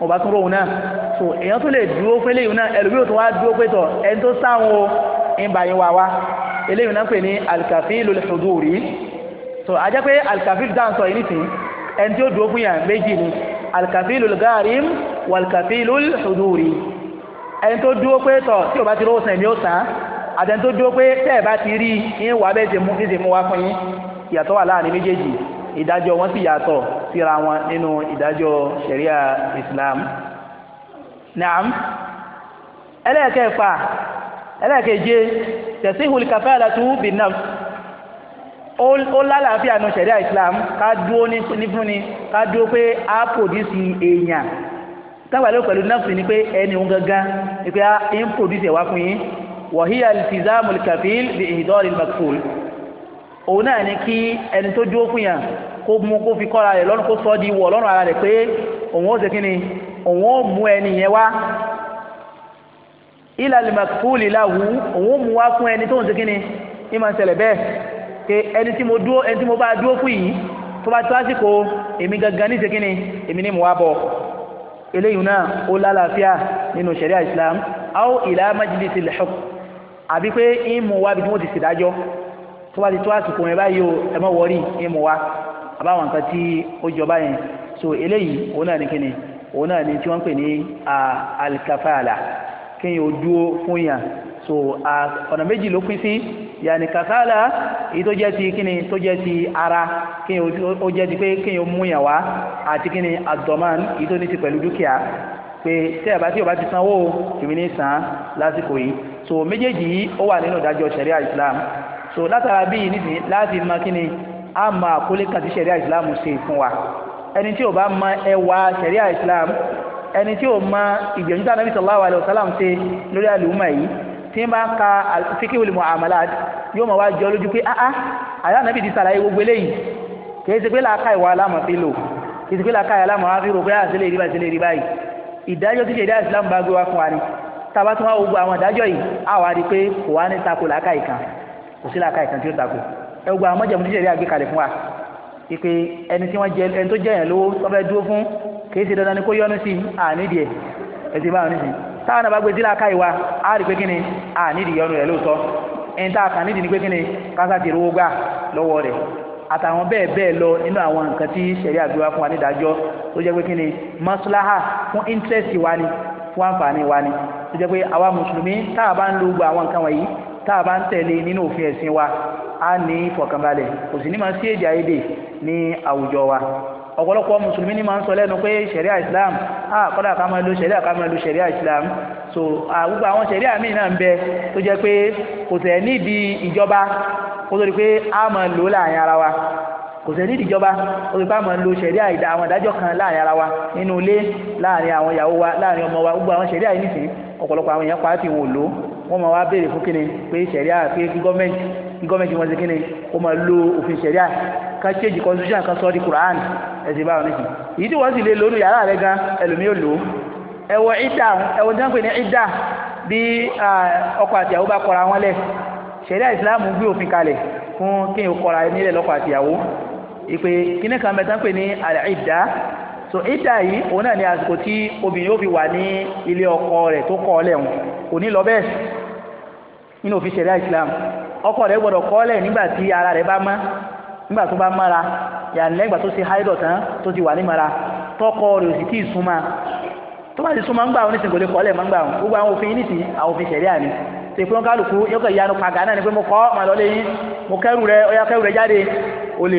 wọn bá tún náà so èèyàn tó lè dúró pé léyìn náà ẹlòmíràn tó wá dúró pé tọ̀ ẹni tó sáwọn o ń bá yín wá wá eléyìn náà pè ní alkafilul huduri so ajá pé alkafil dáhùn sọ yìí nìsín ẹni tí ó dúró fún yàn méjì ni alkafilul garim walkafilul huduri ẹni tó dúró pé tọ̀ tí o bá ti rówó sàn èmi ó sàn àtẹni tó dúró pé tẹ́ ẹ̀ bá ti rí yín wà bẹ́ẹ̀ ti mú fún yín ìyàtọ̀ wà láàrin méjèèjì ìdájọ́ wọn sì yàtọ̀ síra wọn nínú ìdájọ́ ṣẹ̀ríà Islam naam ẹlẹ́ẹ̀kẹfà ẹlẹ́ẹ̀keje tasihul kafalatu bin nafs ó lálàáfíà nu ṣẹ̀ríà Islam ká dúó ní fún ni ká dúó pé a pòdísì èèyàn tábàlẹ́ pẹ̀lú nafsi ni pé ẹni òun gangan ni pé a ń pòdísì ẹ̀wá fún yín wa hiya iltizamul kafil bi ihdari òun náà ni kí ẹni tó dúró fún yàn kó mú kó fi kọ́ra rẹ̀ lọ́rùn kó sọ di wọ̀ lọ́rùn ara rẹ̀ pé òun ó ṣe kíni òun ó mú ẹni yẹn wá ìlàlì màkúùlì láwù òun ó mú wá fún ẹni tó ń ṣe kíni ní máa ń bẹ́ẹ̀ pé ẹni tí mo dúró ẹni tí mo bá dúró fún yìí tó bá tó àsìkò èmi gangan ní ṣe kíni èmi ni mo wá bọ̀ eléyìí náà ó lálàáfíà nínú ṣẹ̀ríà Islam àwọn ìlà májìlì ti lẹ̀ àbí pé ìmú wá bí wọ́n ti ṣèdájọ́ tó bá ti tó àsìkò yẹn báyìí o ẹ mọ wọrí ẹ mọ wá àbáwọn nǹkan tí ó jọba yẹn so eléyìí òun náà ní kíni òun náà ní tí wọ́n ń pè ní alikafala kéèyàn ó dúró fún yàn so ọ̀nà méjì ló pín sí yàní kafala èyí tó jẹ́ ti kíni tó jẹ́ ti ara kéèyàn ó jẹ́ ti pé kéèyàn ó mú yàn wá àti kíni adoman èyí tó ní ti pẹ̀lú dúkìá pé tẹ́ ẹ̀ tí o bá ti sanwó èmi ní sàn lásìkò yìí so méjèèjì yìí ó wà nínú ìdájọ́ sharia Islam so látara bíi nídìí láti mọ kí ni a mọ àkólé kan tí sẹ̀ríà ìsìláàmù ṣe fún wa ẹni tí ò bá mọ ẹwà sẹ̀ríà ìsìláàmù ẹni tí ò mọ ìgbìyànjú tí anábì sallallahu alaihi wasallam lórí àlùmọ̀ yìí tí bá ka fíkìwìlì muamalat yóò mọ̀ wá jọ lójú pé áá ah, ah, àyà anábì ti sàlàyé gbogbo eléyìí kì í ṣe pé làákà ìwà alámọ̀ fi lò kì í ṣe pé làákà ìwà alámọ̀ fi rò ah, bá gbé wá fún wa ni tàbá tí wọ́n gbogbo àwọn ìdájọ́ yìí á wà á pé kò wá ní takò làákà ìkan kò sí làákà ìkan tí ó takò ẹ gbogbo àwọn mọ́jẹ̀mú tí sẹ̀ríà fún wa ipe ẹni tí wọ́n jẹ ẹni tó jẹ́ yẹn lówó tó fẹ́ dúró fún kìí ṣe dandan ni kó yọnu sí ànídìí ẹ̀ ẹ̀ ti bá wọn nísìnyí táwọn náà bá gbé sí làákà ìwà á rí pé kíni ànídìí yọnu rẹ̀ lóòótọ́ ẹni tá a kà nídìí ni pé kíni kásá ti rówó gbà lọ́wọ́ rẹ̀ àtàwọn bẹ́ẹ̀ bẹ́ẹ̀ lọ nínú àwọn nǹkan tí sẹ̀ríà gbé fún wa nídàájọ́ tó jẹ́ pé kíni maslaha fún interest wa ni fún àǹfààní wa ni tó jẹ́ pé àwa mùsùlùmí tá bá ń lo gbogbo àwọn nǹkan wọ̀nyí tá a bá ń tẹ̀lé nínú òfin ẹ̀sìn wa a ní ìfọ̀kànbalẹ̀ kò sì ní máa sí èdè àìyedè ní àwùjọ wa ọ̀pọ̀lọpọ̀ mùsùlùmí ni máa ń sọ lẹ́nu pé ṣẹ̀ríà islam ah kọ́dà ká máa lo ṣẹ̀ríà islam so àwùgbà àwọn ṣẹ̀ríà míì náà ń bẹ tó jẹ́ pé kò tẹ̀ nídìí ìjọba kó tó di pé a máa lò láàrin ara wa kò sẹ́ni ìdìjọba olùkọ́ àmọ́ ń lo ṣẹ̀ríà ìdá àwọn ìdájọ́ kan láàrin ara wa nínú ilé láàrin àwọn ìyàwó wa láàrin ọmọ wa gbogbo àwọn ṣẹ̀ríà yìí nìsín ọ̀pọ̀lọpọ̀ àwọn èèyàn pàtì wọn ò lò wọ́n máa wá béèrè fún kíni pé sẹ̀ríà pé kí gọ́ọ̀mẹ̀ntì kí gọ́ọ̀mẹ̀ntì wọn ṣe kíni ó máa lo òfin sẹ̀ríà ká ṣéèjì constitution kan sọ ọ́ di Quran ẹ̀sìn báwọn nìyí èyí tí wọ́n sì lè lónú yàrá rẹ gan ẹlòmíì ò lò ó ẹ̀wọ̀ ìdá ẹ̀wọ̀ tí wọ́n pè ní ìdá bí ọkọ àtìyàwó bá kọra wọn lẹ̀ sẹ̀ríà ìsìlámù gbé òfin kalẹ̀ fún kí n kọra nílẹ̀ lọ́kọ àtìyàwó ìpè so ita yìí òun náà ni àsìkò tí obìnrin yóò fi wà ní ilé ọkọ rẹ̀ tó kọ́ ọlẹ̀ wọn kò ní lọ bẹ́ẹ̀ nínú òfin ṣẹ̀ríà Islam ọkọ rẹ̀ gbọ́dọ̀ kọ́ nígbà tí ara rẹ̀ bá mọ́ nígbà tó bá mọ́ra yàrá lẹ́gbà tó ṣe háìdọ̀ tán tó ti wà ní mara tọkọ rẹ̀ ò sì tí ì súnmọ́ tó bá ti súnmọ́ ńgbà wọn nísìnyí kò lè kọ́ ọlẹ̀ mọ́ wọn gbogbo àwọn òfin nísìnyí àwọn òfin ni ṣe pé wọn kálukú ìyanu pàgánà ni pé jáde ó lè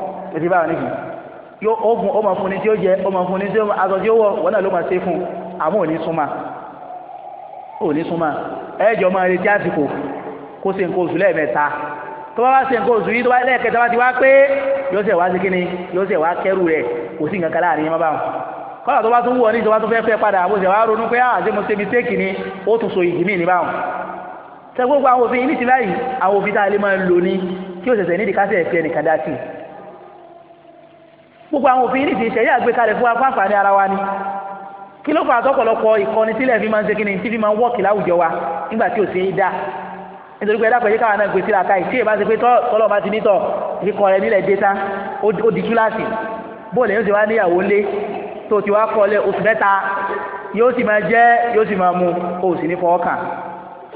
ètí báwọn níbi yóò ogun ó máa fún ni tí ó jẹ ó máa fún ni tí ó aṣọ tí ó wọ wọn náà ló máa ṣe fún un àmọ́ ò ní súnmọ́ ò ní súnmọ́ ẹ̀jọ̀ máa retí àsìkò kó ṣe nǹkan oṣù lẹ́ẹ̀mẹ́ta tó bá wá ṣe nǹkan oṣù yìí tó bá lẹ́ẹ̀kẹta bá ti wá pé yóò ṣe wá sí kíni yóò ṣe wá kẹ́rù rẹ̀ kò sí nǹkan kan láàrin yẹn má báwọn kọ́lá tó bá tún wọ̀ ní ìjọba tó fẹ́ fẹ́ padà àbúṣe wa ronú pé àti ah, mo ṣe mistake ni ó tún so ìdí mi ní báwọn tẹ gbogbo àwọn òfin ní ti báyìí àwọn òfin tá a lè máa lò ní kí ó ṣẹ̀ṣẹ̀ nídìí kásẹ̀ ẹ̀fẹ́ nìkan dá sí i gbogbo àwọn òfin ní ìṣẹ̀rí àgbékalẹ̀ fún afáǹfààní ara wa ni kí ló fà àtọ́pọ̀lọpọ̀ ìkọ́ni sílẹ̀ fi máa ń segin ní tí fi máa ń wọ́ọ̀kì láwùjọ wa nígbà tí ò sí í dá nítorí pé ẹ̀dàpẹ̀ yíká náà gbèsè ìbá ṣe pé tọ́lọ̀ bá ti ìkọ̀ rẹ̀ nílẹ̀ dé tán ó di kíláàsì yóò ti wá níyàwó lé mu o sì ní fọwọ́ ya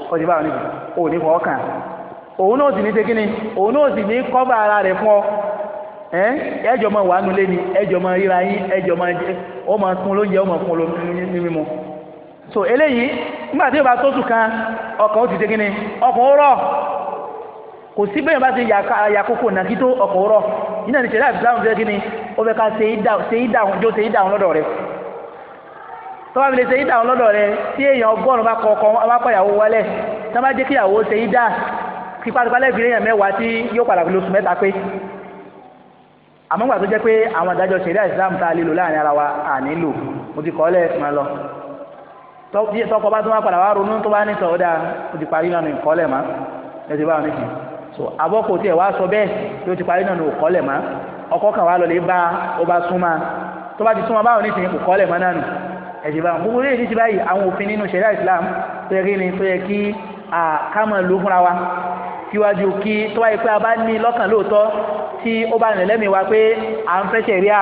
kọ́ ti bá òní fọwọ́ kàn òun náà sì ní ṣe kíni òun náà ẹ ẹjọ máa wà nulẹ̀ ni ẹjọ máa ríra yín ẹjọ máa jẹ ọ máa fún lóúnjẹ ọ máa fún so eléyìí nígbà tí o bá tóṣù kan ọkàn ó ti ṣe kíni ọkàn ó rọ kò sí bẹ́ẹ̀ bá ti yàkókò nàkí tó ọkàn ó rọ iná ní sẹ́dá ṣe kíni ó fẹ́ ká ṣe jó ṣe ọkọ bá kọ ìyàwó àmọ́ gbà tó jẹ́ pé àwọn ìdájọ́ ṣẹ̀ríà Islam tá a lè lò láàrin ara wa à nílò mo ti kọ́ lẹ́ẹ̀kan lọ tọkọ bá tún wá padà wá ronú tó bá ní sọ̀ọ́dà mo ti parí lọ́nà ìkọ́lẹ̀ mọ́ ẹ bá wọn nìkan so abọ́kò tí ẹ̀ wá sọ bẹ́ẹ̀ tí ó ti parí náà ní òkọ́lẹ̀ mọ́ ọkọ̀ kan wá lọ lè bá ó bá súnmọ́ tó bá ti súnmọ́ báwọn ní Islam tó yẹ kí ni tó yẹ kí síwájú kí tó wáyé pé a bá ní lọ́kàn lóòótọ́ tí ó bá rìn lẹ́mìí wa pé à ń fẹ́ ṣẹ̀ríà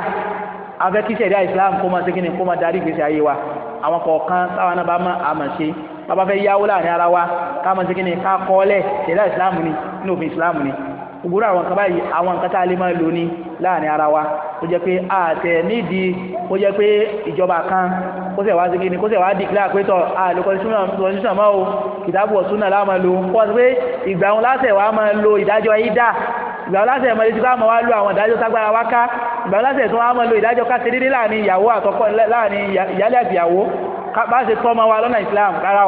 a fẹ́ kí ṣẹ̀ríà Islam kó máa ṣe kíni kó máa darí ìgbésí ayé wa àwọn kọ̀ọ̀kan táwọn náà bá mọ̀ àmọ̀ ṣe bàbá fẹ́ yáwó láàrin ara wa ká máa ṣe kíni ká kọ́ ọ́lẹ̀ ṣẹ̀ríà Islam ni ní òfin Islam ni ògbúrò àwọn nǹkan báyìí àwọn nǹkan tá a lè máa lò ní láàrin ara wa ó jẹ́ pé àtẹ̀ nídìí ó jẹ́ pé ìjọba kan kó sì wá sígi ni kó sì wá dìklá pé tọ̀ àlùkọ́síṣàn mọ́ o kìtàbù ọ̀túnà láàmà lò ó wọ́n ti pé ìgbà wọn láṣẹ̀ wàá máa lo ìdájọ́ ìdá ìgbà wọn láṣẹ̀ mọ́lẹ́ tí bá máa wá lo àwọn ìdájọ́ tágbára wá ká ìgbà wọn láṣẹ̀ tó wá máa wa lọ́nà ìsìlámù rárá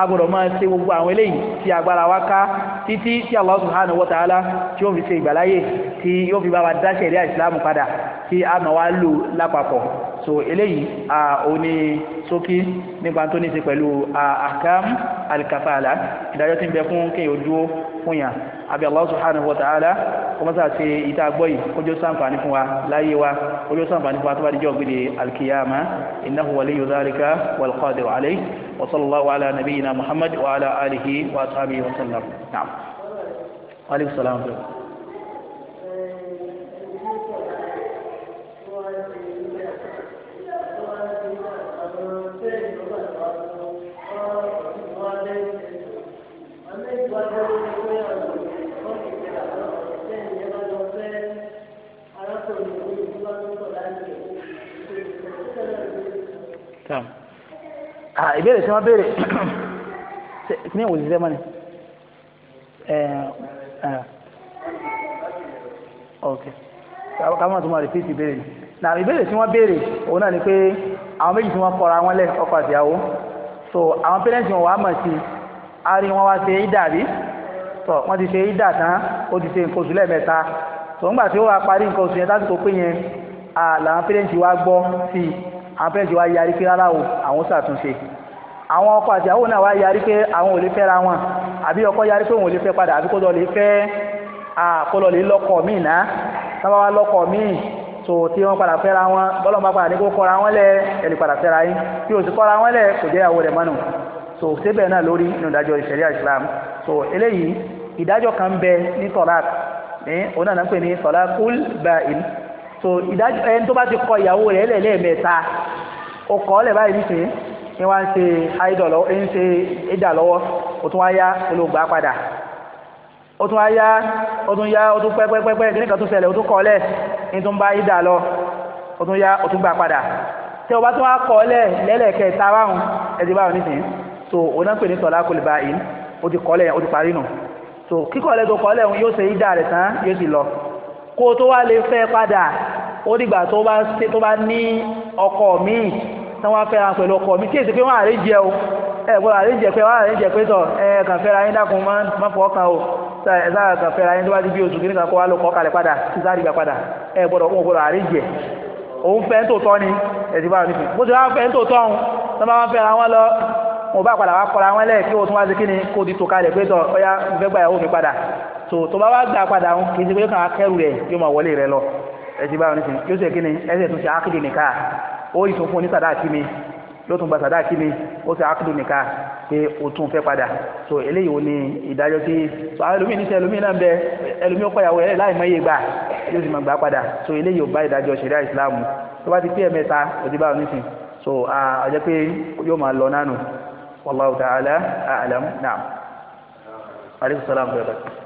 agbọ́dọ̀ máa ṣe gbogbo àwọn eléyìí tí agbára wa ká títí tí Allah subhanahu wa ta'ala tí yóò fi ṣe ìgbàláyè tí yóò fi bá wa dá ṣẹ̀ríà ìsìlámù padà tí a máa wá lò lápapọ̀ so eléyìí òun ni ṣókí nípa tó ní ṣe àbí Allah subhanahu wa ta'ala ko ma sa ti ìta agbóyìn kójó ṣàǹfààní fún wa láyé wa ko kójó ṣàǹfààní fún wa tó bá di jo dijọ́ al-qiyama innahu waliyu dhalika wal qadiru alayhi wa sallallahu ala nabiyyina muhammad wa ala alihi wa ashabihi wa sallam naam wa alaykum salaam ìbéèrè tí wọ́n béèrè kí ni ìwòsí sẹ́mọ́ ni ok káwọn tó máa rìpíìtì ìbéèrè ni na ìbéèrè tí wọ́n béèrè òun náà ni pé àwọn méjì tí wọ́n kọra wọn lẹ̀ ọkọ àti ìyàwó so àwọn pẹ́rẹ́ǹtì wọn wà á mọ̀ sí i a rí wọn wá ṣe ìdà rí so wọ́n ti ṣe ìdà tán ó ti ṣe nǹkan oṣù lẹ́ẹ̀mẹ́ta so ńgbà tí ó wá parí nǹkan oṣù yẹn tásìkò pé yẹn làwọn pẹ́rẹ́ǹtì wa gbọ́ sí i afẹ́jọ wa yarí pé rárá o àwọn ṣàtúnṣe àwọn ọkọ àti àwọn náà wá yarí pé àwọn ò lè fẹ́ ra wọn àbí ọkọ yarí pé òun ò lè fẹ́ padà àbí kó lọ lè fẹ́ kó lọ lè lọ́kọ míì náà sábà wá lọ́kọ míì so tí wọ́n padà fẹ́ra wọn bọ́lọ̀ bá padà ní kó kọ́ra wọn lẹ̀ ẹni padà fẹ́ra yín bí o sì kọ́ra wọn lẹ̀ kò jẹ́ ìyàwó rẹ̀ mọ́nù so síbẹ̀ náà lórí nínú ìdájọ́ ìṣẹ̀lẹ̀ Islam so eléyìí ìdájọ́ kan bẹ ní tọ́lák ní onáà náà pè ní tọ́lákùl báyìí so ìdájọ́ ẹni tó bá ti kọ ìyàwó rẹ̀ lẹ́ẹ̀lẹ́ẹ̀mẹ́ta ó kọ́ lẹ̀ báyìí níṣẹ́ ní wá ń ṣe idol lọ́wọ́ ń ṣe ìdà lọ́wọ́ ó tún wá yá olóògbà padà ó tún wá yá ó tún yá ó tún pẹ́pẹ́pẹ́pẹ́ kí nìkan tún ṣẹlẹ̀ ó tún kọ́ lẹ̀ ní tún bá ìdà lọ ó tún yá ó tún gbà padà tí ó bá tún wá kọ́ lẹ̀ lẹ́lẹ̀kẹta báwọn ẹ̀dí so òun náà pè ba ìn ó ti kọ́ lẹ̀ so kíkọ́ lẹ̀ tó kọ́ lẹ̀ yóò ṣe ìdà rẹ̀ kó tó wá lè fẹ́ padà ó dìgbà tó bá ṣe tó bá ní ọkọ míì tí wọ́n fẹ́ra pẹ̀lú ọkọ míì kí èsì pé wọ́n àrí jẹ o ẹ gbọ́dọ̀ àrí jẹ pé wọ́n àrí jẹ pé tọ̀ ẹ kàn fẹ́ra yín dákun má fọ́ kan o sáà kàn fẹ́ra yín tó bá di bí oṣù kìnnìkan kó wá ló kọ́ kalẹ̀ padà sí sáà dìgbà padà ẹ gbọ́dọ̀ òun gbọ́dọ̀ àrí jẹ òun fẹ́ tó tọ́ ni ẹ̀sìn bá nífi bó ti wá fẹ́ tó tọ́ òun tó bá wọn fẹ́ra wọn lọ ni kó o ti tò kalẹ̀ pé tọ̀ ọ̀ya mo so tó bá wá gbà padà ń kì í ṣe pé kàn á kẹrù rẹ yóò máa wọlé rẹ lọ ẹtì báwọn nísìnyí yóò ṣe kíni ẹsẹ tó ṣe ákìdì nìka ó yìí tún fún ní sàdá kíni ló tún gba sàdá kíni ó ṣe ákìdì nìka pé o tún fẹ́ padà so eléyìí ò ní ìdájọ́ tí so àwọn ẹlòmíì níṣẹ́ ẹlòmíì náà bẹ ẹlòmíì ó pàyàwó ẹ láì mọye gbà yóò sì máa gbà padà so eléyìí ò bá ìdájọ́ ṣẹ̀ríà ìsìláàmù tó bá ti pé ẹ̀mẹ́ta ẹtì báwọn nísìnyí so àjẹ́ pé yóò máa lọ nánu wallahu ta'ala a'lam na'am aleykum salaam bẹ́ẹ̀ bẹ́ẹ̀.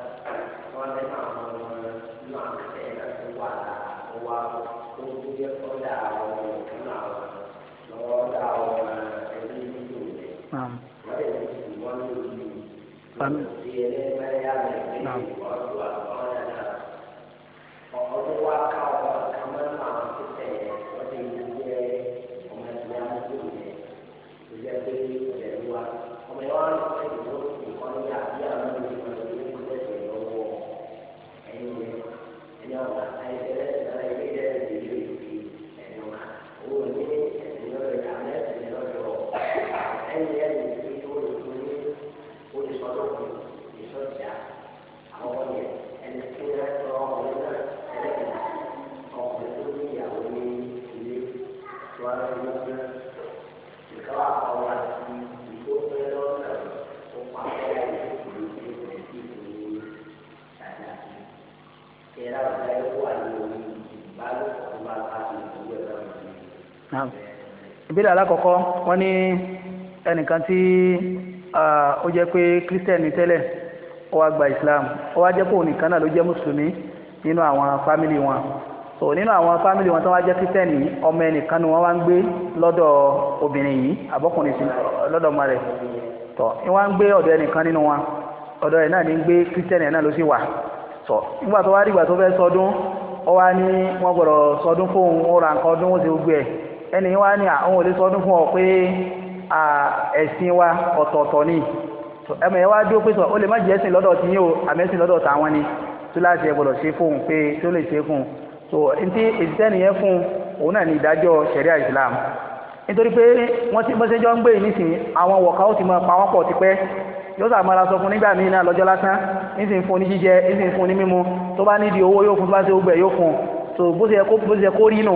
alákọ̀ọ́kọ́ wọ́n ní ẹnìkan tí ó jẹ́ pé kírísítẹ́nì tẹ́lẹ̀ ó gba islam ó wá jẹ́ pé òun nìkan náà ló jẹ́ mùsùlùmí nínú àwọn fámìlì wọn so nínú àwọn fámìlì wọn tó wá jẹ́ kírísítẹ́nì ọmọ ẹnìkan ni wọ́n wá ń gbé lọ́dọ̀ obìnrin yìí àbọ́kùnrin sí lọ́dọ̀ ọmọ rẹ̀ tọ́ wọ́n ń gbé ọ̀dọ̀ ẹnìkan nínú wọn ọ̀dọ̀ ẹ̀ náà ń gbé kírísítẹ́nì ẹ̀ ẹni wá ní àwọn ò lè sọ ọdún fún ọ pé ẹ̀sìn wa ọ̀tọ̀ọ̀tọ̀ ni ẹmọ ẹ wá dúró pé sọ ó lè má jẹ́ ẹ̀sìn lọ́dọ̀ tí yín o àmẹ́sìn lọ́dọ̀ tàwọn ni tó láti ẹ gbọ́dọ̀ ṣe fóun pé tó lè ṣe fóun so ntí ìsẹ́ni yẹn fún òun náà ní ìdájọ́ ṣẹ̀ríà Islam nítorí pé wọ́n ti mọ́sẹ́jọ́ ń gbé nísìnyí àwọn wọ̀ká ó ti máa pa wọ́n pọ̀ tipẹ́ yóò sà máa sọ fún nígbà míì náà lọ́jọ́ lásán nísìnyí fún ní jíjẹ nísìnyí fún ní mímu tó bá nídìí owó yóò fún tó bá ṣe gbẹ yóò fún so bó ṣe yẹ kó rí nù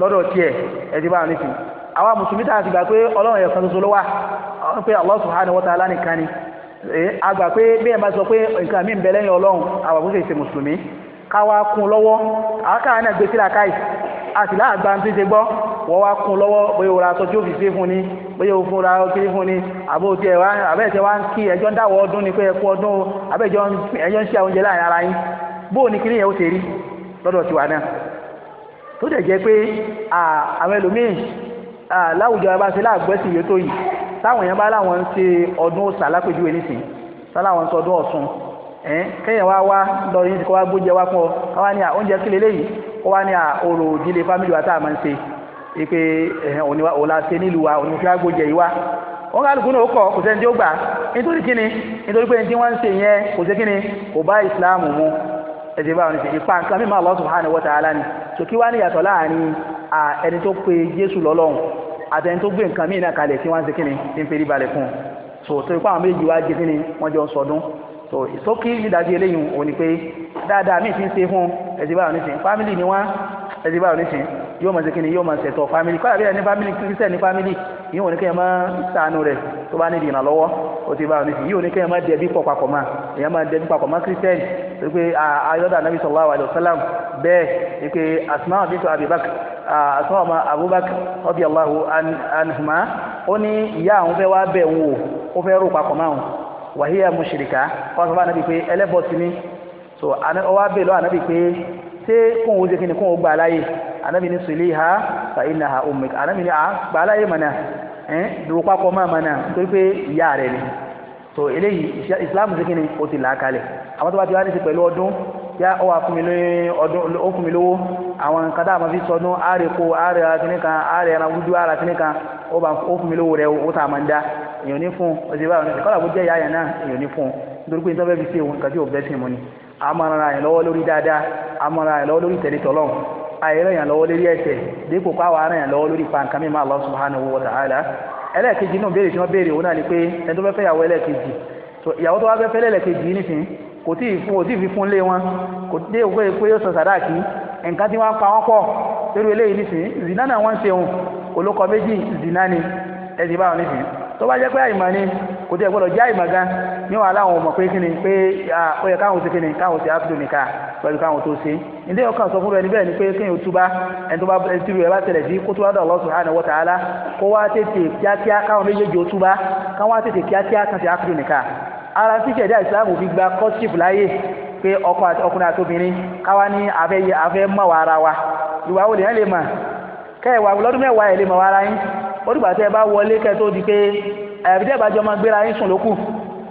lọ́dọ̀ tiẹ̀ ẹ̀dí bá ní sìn àwọn a ti gbà pé ọlọ́run ẹ̀kan ló wà pé wa ta'ala nìkan ni a gbà pé bí sọ pé nǹkan mí ń bẹ lẹ́yìn ọlọ́run ìṣe káwa kún lọ́wọ́ náà gbé sílá káì àti láàgbà tí ṣe gbọ́ wọ́n wá kún lọ́wọ́ bóyá òra fi fún ni bóyá òfin òra kiri fún ni ẹ wá ń kí ẹjọ́ ń ọdún ni pé ẹkú ọdún ń ṣe oúnjẹ láàrin ara yín bóò ní ó ṣe rí tó dẹ̀ jẹ́ pé àwọn ẹlòmíì láwùjọ bá ṣe láàgbẹ́sì yóò tó yìí táwọn èèyàn bá láwọn ń ṣe ọdún òsà lápèjúwe nísìnyí táwọn ń sọ ọdún ọ̀sùn ẹ̀ẹ́n kéèyàn wá wá lọ yín kó wá gbóúnjẹ wá fún ọ ká wá ní oúnjẹ kí leléyìí kó wá ní òrò ìdílé fámìlì wa tá ń ṣe ipe ẹ̀hẹ́n ṣe nílùú wa òní fi wá yìí wá wọn kálukú náà kọ kò sẹ́ni tí ó gbà nítorí kíni nítorí pé ní tí wọ́n ń ṣe yẹn kò sí kíni kò bá ìsìláàmù mu ẹ̀sìn báwọn ṣe ipa nǹkan mímọ́ Allah subhanahu wa ta'ala ni so kí wá ní yàtọ̀ láàrin ẹni tó pe Jésù lọ́lọ́run àti tó gbé nǹkan míì kalẹ̀ tí wọ́n ń ṣe kíni tí balẹ̀ fún so torí pé àwọn méjì wá jẹ kíni wọ́n jọ sọdún so ìsókí ìdájọ́ eléyìí òní pé dáadáa míì ti ń ṣe fún ẹ̀sìn báwọn ṣe fámìlì ni wọ́n ẹ̀sìn báwọn ṣe yóò máa ṣe kí ni yóò máa ṣètò family kọ́lá bí ẹni family christian ní family yóò ní kéèyàn máa sànù rẹ̀ tó bá nídìí ìrànlọ́wọ́ ó ti bá wọn nídìí yóò ní kéèyàn máa dẹ̀bí pọ̀ papọ̀ máa èèyàn máa dẹ̀bí papọ̀ máa christian torí pé ayọ́dà anabi sallallahu alayhi wa sallam bẹ́ẹ̀ ni pé asmaa bintu abibakar asmaa ọmọ abubakar radiyallahu anhuma ó ní ìyá àwọn fẹ́ wá bẹ̀ wò ó fẹ́ rò papọ̀ máa wàhíyà mushrika wọ́n sọ fún anabi pé ẹlẹ́bọ̀sí ni so ó wá bẹ̀ lọ́ anabi pé ṣé kóun ó ṣe kíni kóun ó gbà láyè anabi ní sùlẹ̀ ha fa iná ha omi anabi ní a gbà láyè mọ̀nà ẹ̀ dùrù papọ̀ máa mọ̀nà torí pé ìyá rẹ̀ ni so eléyìí islam ṣe kíni ó ti là á kalẹ̀ àwọn tó bá ti wá ní ti pẹ̀lú ọdún yá ọ wà fún mi lóyún ọdún ó fún mi lówó àwọn nǹkan tá a máa fi sọdún àárẹ̀ kó àárẹ̀ ara kìíní kan àárẹ̀ ara wúdú ara kìíní kan ó bá ó fún mi lówó rẹ̀ ó tà máa ń dá èèyàn ní fún un ọ̀sẹ̀ báyọ̀ ní kọ́lá kó jẹ́ ìyá yẹn náà èèyàn ní fún un nítorí pé nítorí bẹ́ẹ̀ fi ṣe òun kàtí òun bẹ́ẹ̀ sì mú ni a máa ran ara yẹn lọ́wọ́ lórí dáadáa amọ̀ra ẹ̀ lọ́wọ́ lórí tẹ̀lé tọ́lọ́ àìrẹ́ yàn lọ́wọ́ lórí ẹ̀ṣẹ̀ dípò pàwọ́ ara yàn lọ́wọ́ lórí pàǹkà mímọ́ Allah subhanahu wa ta'ala ẹlẹ́ẹ̀kejì náà béèrè tí wọ́n béèrè òun náà ni pé ẹni tó fẹ́ fẹ́ yàwó ẹlẹ́ẹ̀kejì ìyàwó tó wá fẹ́ fẹ́ lẹ́ẹ̀kejì nísìnyí kò tí ì fún kò tí ì fi fún lé wọn kò tí ì pé yóò sọ sàdáàkì nǹkan tí wọ́n pa wọ́n pọ̀ lórí eléyìí nísìnyí zina náà wọ́n ń ṣe òun olókọ méjì zina ni ẹ̀sìn báwọn nísìnyí tó bá jẹ́ pé àìmọ̀ ni kò tẹ́ gbọ́dọ̀ jẹ́ àìmọ̀ gan ní wàá láwọn ọmọ pé kíni pé ó yẹ káwọn ti kíni káwọn ti ábùdó nìka pẹ̀lú káwọn tó ṣe ilé ọkàn sọ fún rẹ níbẹ̀ ni pé kéèyàn túbá ẹni tó bá ti rẹ̀ bá tẹ̀lẹ̀ sí kó tó wá dọ̀ Allah subhanahu wa ta'ala kó wá tètè kíákíá káwọn méjèèjì ó túbá káwọn wá tètè kíákíá kan ti ábùdó nìka ara tí kẹ̀dá ìsìláàmù fi gba kọ́ṣíìpù láyè pé ọkùnrin àtòbìnrin káwa ní afẹ́ mọ̀wá ara wa ìwà olè lè mà kẹ́ ìwà lọ́dún mẹ́wàá ẹ̀ lè mọ̀wá ara yín orígbà tẹ́ bá wọlé kẹ́ tó di pé àyàfi tẹ́ bá jọ máa gbéra yín sùn lókù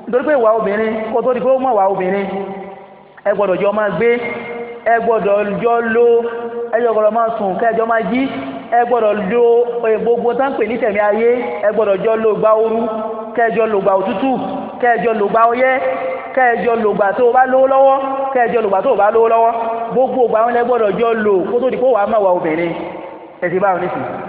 nítorí pé ìwà obìnrin kó tó di pé ó mọ̀ wà obìnrin ẹ gbọ́dọ̀ jọ máa gbé ẹ gbọ́dọ̀ jọ lo ẹ jọ gbọ́dọ̀ máa sùn kẹjọ máa jí ẹ gbọ́dọ̀ lo gbogbo tán pè ní tẹ̀mí ayé ẹ gbọ́dọ̀ jọ lo gba ooru kẹjọ lo gba òtútù kẹjọ lo gba ọyẹ́ kẹjọ lògbà tó bá lówó lọ́wọ́ kẹjọ lògbà tó bá lówó lọ́wọ́ gbogbo ògbà wọn gbọ́dọ̀ jọ lò kó tó di kó wàá máa wà obìnrin ẹ ti bá wọn nísìnyí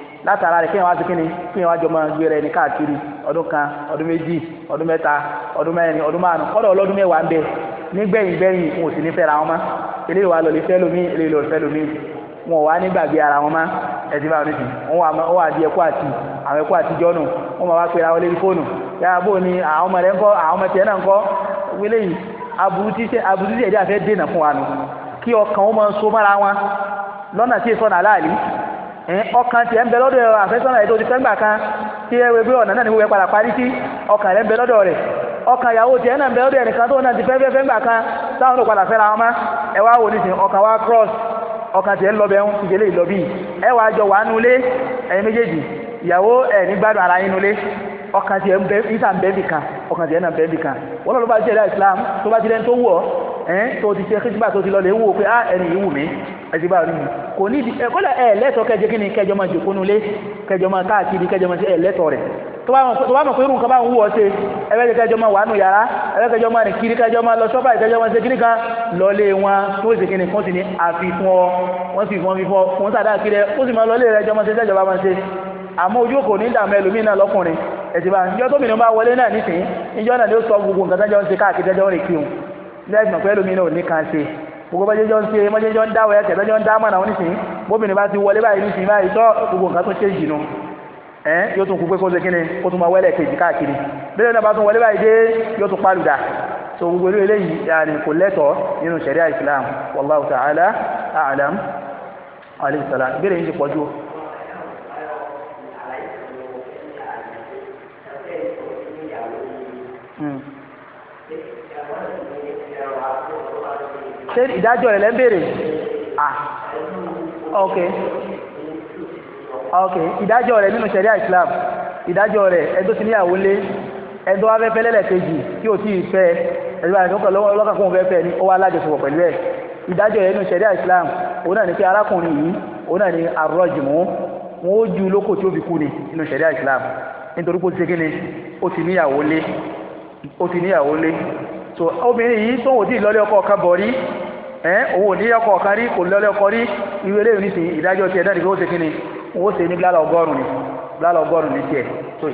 látara rẹ̀ kéèyàn wá kíni kéèyàn jọ máa káàkiri ọdún kan ọdún méjì ọdún mẹ́ta ọdún mẹ́rin ọdún márùn kọ́dọ̀ ọlọ́dún mẹ́wàá ń bẹ nígbẹ̀yìn gbẹ̀yìn wọn ò sì ní fẹ́ra wọn mọ́ eléyìí wà lọ́ọ́ lè fẹ́ lómi eléyìí lọ́ọ́ fẹ́ lómi wọn ò wá nígbàgbé ara wọn mọ́ ẹtì bá wọn wà di ẹkọ àti àwọn ẹkọ wọn máa wá pera wọn lórí fóònù yàrá ọkàn tiẹ̀ ń bẹ lọ́dọ̀ ẹ̀rọ àfẹ́sọ́nà ẹ̀ tó ti fẹ́ǹgbà kan tí ẹ wẹ́ pé ọ̀nà náà ni wọ́n padà parí sí ọkàn rẹ̀ ń bẹ lọ́dọ̀ rẹ̀ ọkàn ìyàwó tiẹ̀ náà ń bẹ lọ́dọ̀ tó náà ti kan táwọn ló padà ẹ wá wò ọkàn wa cross ọkàn tiẹ̀ ń lọ bẹ́ẹ̀ ń ọkàn tiẹ̀ ń bẹ isa bẹ bì kan ọkàn tiẹ̀ náà bẹ bì kan wọ́n lọ́dún bá ti ṣẹ̀dá islam tó bá ti lẹ́ni tó wù ọ́ ẹ̀ tó ti ṣe kíkígbà tó ti lọ lè wù ó pé á ẹni yìí wù mí ẹtì bá rí mi kò ní ìdí ẹ̀kọ́lẹ̀ ẹ̀ lẹ́tọ̀ọ́ kẹjẹ kí ni kẹjọ máa jòkó nulẹ̀ kẹjọ máa káàkiri kẹjọ máa ṣe ẹ̀ lẹ́tọ̀ọ́ rẹ̀ tó bá mọ̀ pé irú nǹkan bá ń wú ọ ṣe ẹgbẹ́ kẹjọ máa wà nù yàrá ẹgbẹ́ kẹjọ máa rìn kiri kẹjọ máa lọ sọ́bà ìkẹjọ máa ṣe kiri kan lọlé wọn tó ṣe kí ni kó sì ní àfihàn wọn sì fún ọ wọn sàdá kiri ó sì máa lọlé rẹ jọ máa ṣe tẹ́jọba máa ṣe àmọ́ ojú kò ní dàmú ẹlòmíì náà lọ́kùnrin ẹ̀sìn bá ìjọ tó mìíràn bá wọlé náà nísìnyí ìjọ náà ni ó sọ gbogbo nǹkan tájọ ń ṣe káàkiri tájọ ń rìn kí òun lẹ́sìn pé ẹlòmíì náà ò ní kan ṣe gbogbo bọ́jẹ́jọ́ ń ṣe bọ́jẹ́jọ́ ń dáwọ̀ ẹ̀kẹ́ bọ́jẹ́jọ́ ń dá mọ̀nà wọn nísìnyí bóbìnrin bá ti wọlé báyìí nísìnyí báyìí tọ́ gbogbo nǹkan tó ṣe jìnnà ẹ yóò tún kú pé kó ṣe kíni kó tún máa wẹ́lẹ̀ kejì káàkiri bí lẹ́nu bá tún wọlé báyìí dé yóò tún pálùdà so gbogbo eré eléyìí yàrá kò lẹ́tọ̀ọ́ nínú ṣẹ̀ríà Islam wallahu ta'ala a'lam alayhi salam ìbéèrè yìí ti Hmm. ṣé ìdájọ́ rẹ̀ lẹ́ ah ok ok ìdájọ́ rẹ̀ nínú ṣẹ̀ríà Islam ìdájọ́ rẹ̀ ẹ̀dọ́ ti níyàwó lé ẹ̀dọ́ wa fẹ́fẹ́ lẹ́lẹ̀kejì tí ò tí ì fẹ́ ẹ̀dọ́ wa fẹ́fẹ́ lọ́kàkùn fẹ́fẹ́ ni ó wá lájọsọ̀pọ̀ pẹ̀lú ẹ̀ ìdájọ́ rẹ̀ nínú ṣẹ̀ríà Islam òun náà ni pé arákùnrin yìí òun náà ni àrọ́jùmọ́ wọn ó ju lóko tí ó fi kú ni nínú ṣẹ̀ríà Islam nítorí ó ti níyàwó so obìnrin yìí tó wò ọkọ ọ̀kan bọ̀ rí ẹ́ òun ní ọkọ ọ̀kan rí kò lọ́lẹ́ ọkọ rí irú eléyìí nísìn ìdájọ́ tiẹ̀ náà ni pé ó ṣe kíni ó ṣe ní tiẹ̀ so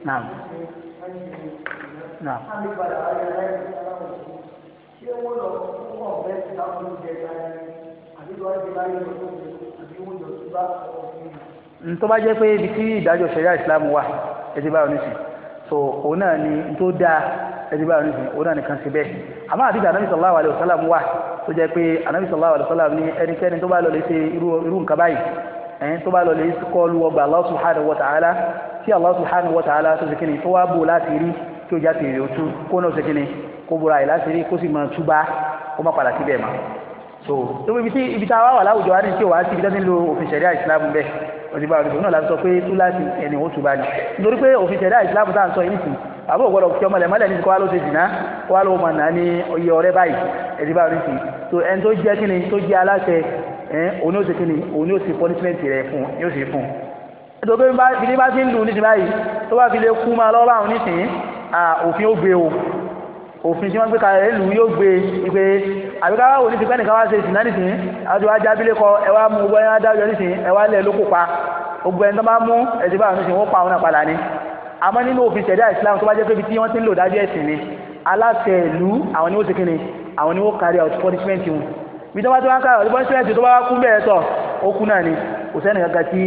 Naam. Naam. tó bá jẹ́ pé ibi tí ìdájọ́ ṣẹ̀ríà onisi wà báyọ̀ so òun náà ni tó dáa ẹtì báyọ̀ nísìn òun náà nìkan ṣe bẹ́ẹ̀ àmọ́ àti ìdáná bíi sallallahu alaihi wà tó jẹ́ pé ànábì sallallahu alaihi wasallam ní ẹnikẹ́ni tó bá lọ lè ṣe irú nǹkan báyìí ẹ̀yìn tó bá lọ lè ọgbà wa ta'ala Allah wa ta'ala tó ṣe ibi tí ibi tá a wá wà láwùjọ wa ní tí ò wá sí ibi òsìgbà òdìbò náà la sọ pé túláàsì ẹni ó tù bá ní nítorí pé òfin ṣẹ̀dá ìsìláàmù tá à ń sọ yìí nìsín àbó ògbọ́dọ̀ fi ọmọ ẹlẹmọlẹ ní kó wá ló ṣe jìnnà kó wá ló mọ nà ní oyè ọ̀rẹ́ báyìí òsìgbà òdìsìn tó ẹni tó jẹ kíni tó jẹ aláṣẹ ẹ òní ó ṣe kíni òní ó ṣe pọnísímẹǹtì rẹ fún ní ó ṣe fún nítorí pé bí bá ti ń lù nísìn báyìí tó bá fi lè kú máa lọ́ọ́ o òfin tí wọ́n gbé kalẹ̀ àbíká wà wò ní tipẹ́ nìkan wá ṣe ìsìn náà nìsín àti wá jábílẹ̀ kọ ẹ wá mú gbọ́n yá dájọ́ nìsín ẹ wá lẹ̀ e lóko pa gbogbo ẹni tó bá mú ẹ̀sìn bá nìsín wọ́n pa àwọn náà padà ni àmọ́ nínú òfin ṣẹ̀dá Islam tó bá jẹ́ pé ibi tí wọ́n ti ń lò dájọ́ ẹ̀sìn ni aláṣẹ ìlú àwọn ni ó ti kíni àwọn ni ó out punishment wọn bí tó bá ti wá ń carry out punishment tó bá kú bẹ́ẹ̀ sọ ó kú náà ni kò sẹ́ni kankan tí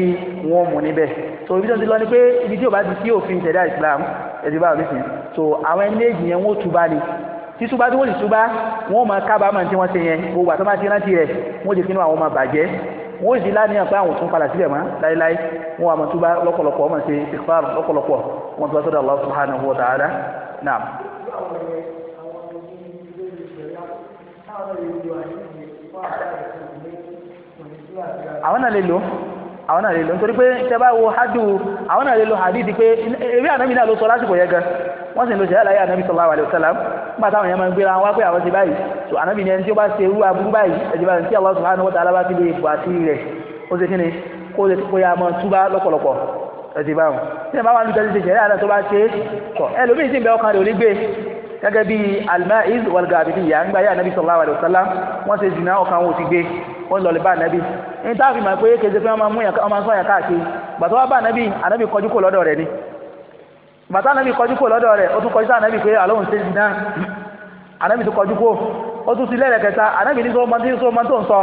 wọ́n mú níbẹ̀ so ibi tó ti lọ ni pé ibi tí ò bá ti sí òfin ṣẹ̀dá Islam ẹ̀sìn bá nìsín so àwọn ẹni méjì yẹn wọ́n túbá ni títúbá tí wọ́n sì túbá wọ́n máa kábàámọ̀ tí wọ́n ṣe yẹn gbogbo àtọ́ bá ti rántí rẹ̀ wọ́n ti fi inú àwọn ọmọ bàjẹ́ wọ́n sì láníyàn pé àwọn òtún padà sílẹ̀ mọ́ láéláé wọ́n wà mọ́ túbá lọ́pọ̀lọpọ̀ ọmọ ṣe ìfàrù lọ́pọ̀lọpọ̀ wọ́n tó sọ́dọ̀ Allah subhanahu wa ta'ala náà. àwọn náà lè lò àwọn náà lè lò nítorí pé tẹ́bá wo hadu àwọn náà lè lò hadith pé ewé ànábì náà ló sọ lásìkò yẹn gan wọ́n sì ń lo ṣẹ̀dá láyé ànábì sallallahu alaihi wasallam nígbà táwọn yẹn máa ń gbéra wá pé àwọn ti báyìí tó ànábì ni ẹni tí ó bá ṣe irú aburú báyìí ẹ̀jẹ̀ bá ń tí Allah subhanahu wa ta'ala bá ti lè bù àti rẹ̀ ó ṣe kíni kó ṣe kó ya mọ túbá lọ́pọ̀lọpọ̀ ẹ̀jẹ̀ báwọn tí ẹ̀ bá wà ní ìtọ́jú ṣe ṣẹ̀dá náà tó é tọ̀ ẹlòmíì sì ń bẹ ọkàn rẹ̀ gẹ́gẹ́ bí almaiz walgabidiyya ń gbáyà nabi sallallahu alaihi wasallam wọ́n ṣe zina ọkàn wọn ti gbé wọ́n lọ lè bá nabi ní táàfì máa pé kéde pé wọ́n máa ń sọ yàn káàkiri bàtọ́ wá bá nabi anabi kọjú kò lọ́dọ̀ rẹ̀ ni bàtọ́ anabi kọjú kò lọ́dọ̀ rẹ̀ ó tún kọjú sí anabi pé àlóhùn ṣe zina anabi tún kọjú kò ó tún sí lẹ́rẹ̀ kẹta anabi ní sọ́mọ ń sọ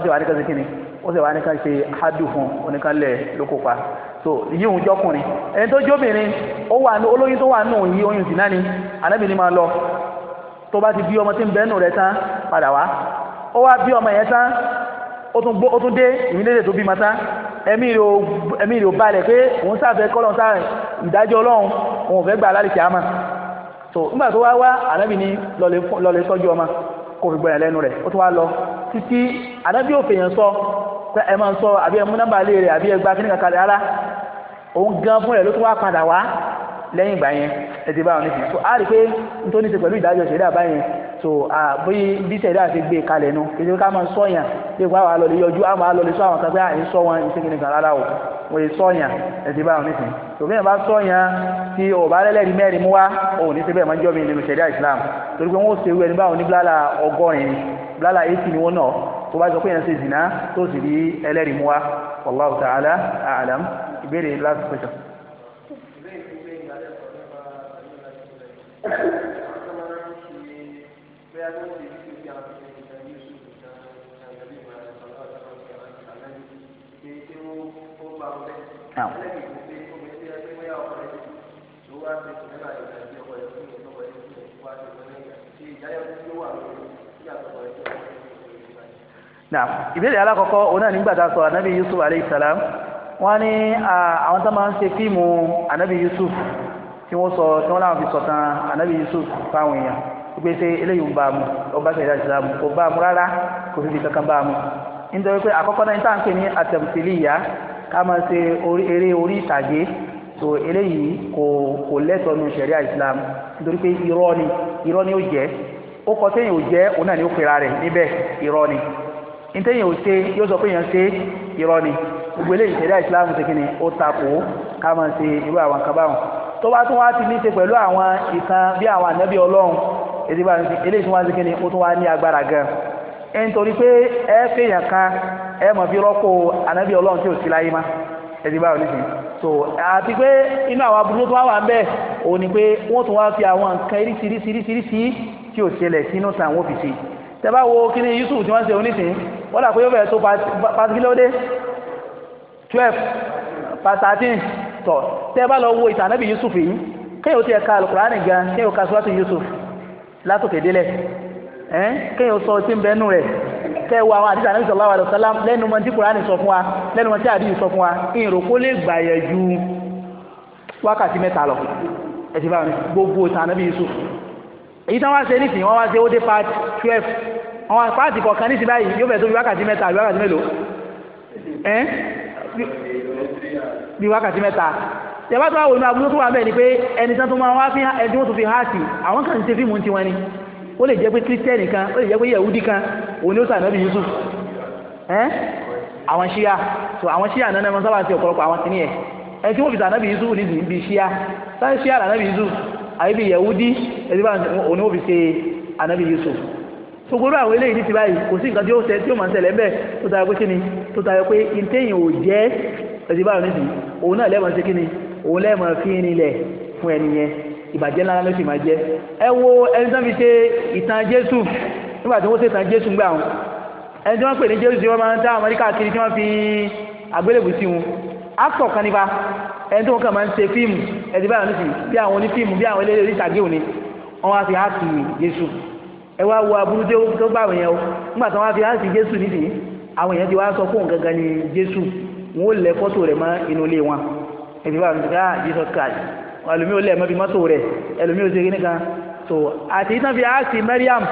olóhùn ó sì wá ní ká ṣe hádùn fún oníkálẹ̀ ló so yìí òun jọkùnrin ẹni tó jóbìnrin ó wà ní olóyún tó wà nù yí oyún sì náà ni ànábì ni máa lọ tó bá ti bí ọmọ tí ń bẹ́ẹ̀nù rẹ̀ tán padà wá ó wá bí ọmọ yẹn tán ó tún dé ìmílẹ̀dẹ̀ tó bímọ tán ẹ̀mí rẹ̀ ò balẹ̀ pé òun sáfẹ́ kọ́lọ́n sáà ìdájọ́ ọlọ́run òun fẹ́ gbà lálẹ́ kìámà so nígbà tó wá wá ànábì ni lọ́lẹ̀ sọ́jú ọmọ kò fi gbọ́yàn lẹ́nu rẹ̀ ó tún wá lọ títí ànábì òfèèyàn sọ ẹ máa ń sọ àbí ẹ mú lé rẹ̀ àbí ẹ gba kankan rárá òun gan fún rẹ̀ ló tún wá padà wá lẹ́yìn ìgbà yẹn ẹ ti bá wọn so a rí i pé n tó ní ṣe pẹ̀lú ìdájọ́ ìṣẹ̀dá báyẹn so bí bí ṣẹ̀dá àti gbé e kalẹ̀ nu kí ṣe ká máa sọ̀yàn bí wàá wàá lọlé yọjú àmọ́ àlọlé sọ àwọn kan pé àyè sọ wọn ìṣe kìnìkan rárá o wọ́n yẹ sọ̀yàn ẹ ti bá wọn nísìnyí so bí wọn bá sọ̀yàn tí ọba alẹ́lẹ́rìí mẹ́rin mú wá o ní ṣe bẹ́ẹ̀ máa ń jọ́ mi nínú ṣẹ̀dá Islam torí pé wọ́n ó ṣe irú ẹni báwọn ní blala tó bá sọ pé yẹn ṣe zina tó sì rí ẹlẹ́rìí mú wa wallahu ta'ala a'lam ìbéèrè last question. Now. náà ìbéèrè alákọ̀ọ́kọ́ òun náà nígbàtà sọ anábì yusuf aleyhisselam wọ́n ní àwọn tó máa ń ṣe fíìmù yusuf tí wọ́n sọ tí wọ́n fi sọ̀tàn yusuf fáwọn èèyàn gbèsè eléyìí ń bá mu ọba ṣẹlẹ̀ ìsìlámù kò bá mu rárá kò fi fi kankan bá mu nítorí pé àkọ́kọ́ náà níta ń pè ní ká máa ṣe eré orí ìtàgé tó eléyìí kò lẹ́tọ̀ọ́ nu nítorí pé ni irọ́ ni ó jẹ́ ó kọ sẹ́yìn ò jẹ́ òun náà ni ó ìtẹ́yìn ò ṣe yóò sọ pé èèyàn ṣe irọ́ ni gbogbo eléyìí ṣẹ̀dá ìsìláàmù ṣe kíni ó takò ká máa ṣe irú àwọn kan báwọn tó bá tún wá ti ní ṣe pẹ̀lú àwọn ìtàn bí àwọn ànábì ọlọ́run eléyìí tún wá ṣe kíni ó tún wá ní so àti pé inú àwọn aburú tó wà ń bẹ̀ òun ni pé wọ́n tún wá fi àwọn nǹkan irísirísirísirísi tí ò ṣẹlẹ̀ sínú sàn wọ́n bọ́dà pé yóò bẹ̀rẹ̀ tó pàtíkílódé 12 pàtàkì tọ̀ tẹ́ bá lọ wo ìtàn Ànábì Yusuf yìí kéyàn ti ẹ̀ka alukurani gan kéyàn ka suratu Yusuf látòkè délẹ̀ kéyàn sọ tí ń bẹnu rẹ̀ kẹ́ wo àwọn àdìsàn Ànábì sallallahu alaihi wasallam lẹ́nu mọ́ tí kurani sọ fún wa lẹ́nu mọ́ tí àdìsì sọ fún wa ìròkó lè gbàyẹ̀ ju wákàtí mẹ́ta lọ ẹ̀sìn báwọn gbogbo ìtàn Ànábì Yusuf èyí táwọn wá ṣe nísìnyí wọ́n wá ṣe ó dé part 12 àwọn àpáàtì kọ̀ọ̀kan ní síbáyìí yóò fẹ́ tó bí wákàtí mẹ́ta àbí wákàtí mélòó ẹ́ bí wákàtí mẹ́ta tẹ̀bá tó wà wò ní abúlé tó wà bẹ́ẹ̀ ni pé ẹni tán tó máa wá fi ẹni tí wọ́n tó fi háàtì àwọn kan ti fíìmù ti wọn ni ó lè jẹ́ pé kírísítẹ́nì kan ó lè jẹ́ pé yẹ̀wúdí kan òun ni ó sànàbí Yusuf ẹ́ àwọn ṣíyà so àwọn ṣíyà náà náà sábà ti ọ̀pọ̀lọpọ̀ àwọn kìíní ẹ̀ ẹni tí wọ́n fi sànàbí Yusuf ní ibi ṣíyà sáré ṣíyà lànàbí Yusuf àbí bí yẹ̀wúdí ẹni bá òun ni ó fi ṣe ànàbí Yusuf sogoro àwọn eléyìí ní ti báyìí kò sí nǹkan tí ó ṣe tí ó máa ń ṣẹlẹ̀ ńbẹ̀ tó tayọ pé kíni tó tayọ pé ìtẹ̀yìn ò jẹ́ ẹ̀sìn báyìí nísìnyí òun náà lẹ́ẹ̀mọ̀ sí kíni òun lẹ́ẹ̀mọ̀ fi rinlẹ̀ fún ẹni yẹn ìbàjẹ́ ńlá ló sì máa jẹ́ ẹ wo ẹni tó ń fi ṣe ìtàn Jésù nígbà tí wọ́n ṣe ìtàn Jésù gbà wọn ẹni tí wọ́n pè ní Jésù tí wọ́n máa ń dá àwọn oníkà kiri tí wọ́n fi àgbélébù sí wọn actor kan ẹni tí wọ́n kàn máa ń ṣe fíìmù ẹ̀sìn báyìí bí àwọn onífíìmù bí àwọn eléré ìtàgé òní wọ́n wá fi háàkì Jésù ẹ wá wo aburú tó bá àwọn èèyàn o nígbà tí wọ́n fi hàn sí jésù nídìí àwọn èèyàn ti wá sọ fóun gangan ni jésù wọn ò lẹ fọ́tò rẹ̀ mọ́ inú ilé wọn ẹ̀fí bá wọn ká ah, jesus christ ẹlòmíì ò lẹ̀ mọ́ bí mọ́tò rẹ̀ ẹlòmíì ò ṣe kíní kan so àti ìtàn fi hàn sí mariam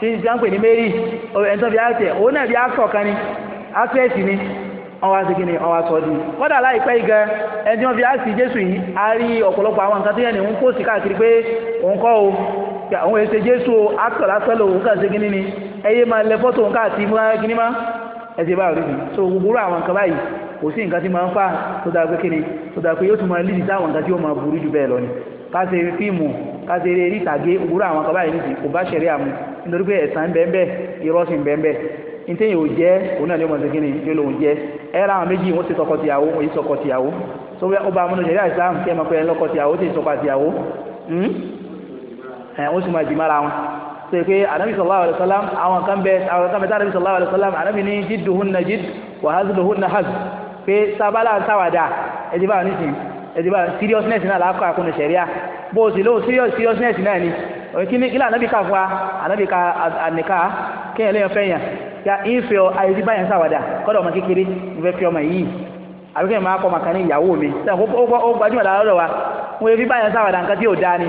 tí ń sàn pè ní mary ẹni tán fi hàn sí ẹ òun náà fi hàn sọ kan ni access ni wọ́n wá sí kíní wọ́n wá sọ di kódà láìpẹ́ yìí gan ẹni tí wọ́n fi hàn sí jésù yìí a rí ọ̀pọ̀lọpọ̀ àwọn nǹkan tó yẹ àwọn èsè jésù akọ̀lá sọ́lọ̀ òun kà sí gíní ni ẹyẹ máa lẹ fọ́tò òun káàtì mú gíní má bá so gbogbo àwọn nǹkan báyìí kò sí nǹkan tí máa ń fà tó dáa pé kíni tó dáa pé yóò tún máa lídìí sáwọn nǹkan tí ó burú jù bẹ́ẹ̀ lọ ni ká fíìmù ká eré ìtàgé gbogbo àwọn nǹkan báyìí kò bá ṣẹ̀rí àmú nítorí pé wọ́n sì máa dì mára wọn ṣe pé anabi sallallahu alayhi wa sallam àwọn kan bẹ àwọn kan bẹ tá anabi sallallahu alayhi wa sallam anabi ní jidduhunna jidd wa hazluhunna hazl pé sábàlá ń sáwàdà ẹ̀dí bá ní sìn ẹ̀dí bá seriousness náà lákọ̀ àkónú sẹ̀ríà bó o sì lóò serious seriousness náà ni òkìní ilé anabi ká fún wa anabi ká ànìká kéèyàn lè fẹ́ yàn ya ìfẹ́ àìsí báyẹn sáwàdà kọ́dọ̀ ọmọ kékeré ìfẹ́ fi ọmọ yìí àbíkẹ́ ìmọ̀ akọ́ màkà ní ìyàwó mi sẹ́wọ̀n ó gbajúmọ̀ lára wa wọ́n ebi báyẹn sáwàdà nǹkan tí ò dáa ni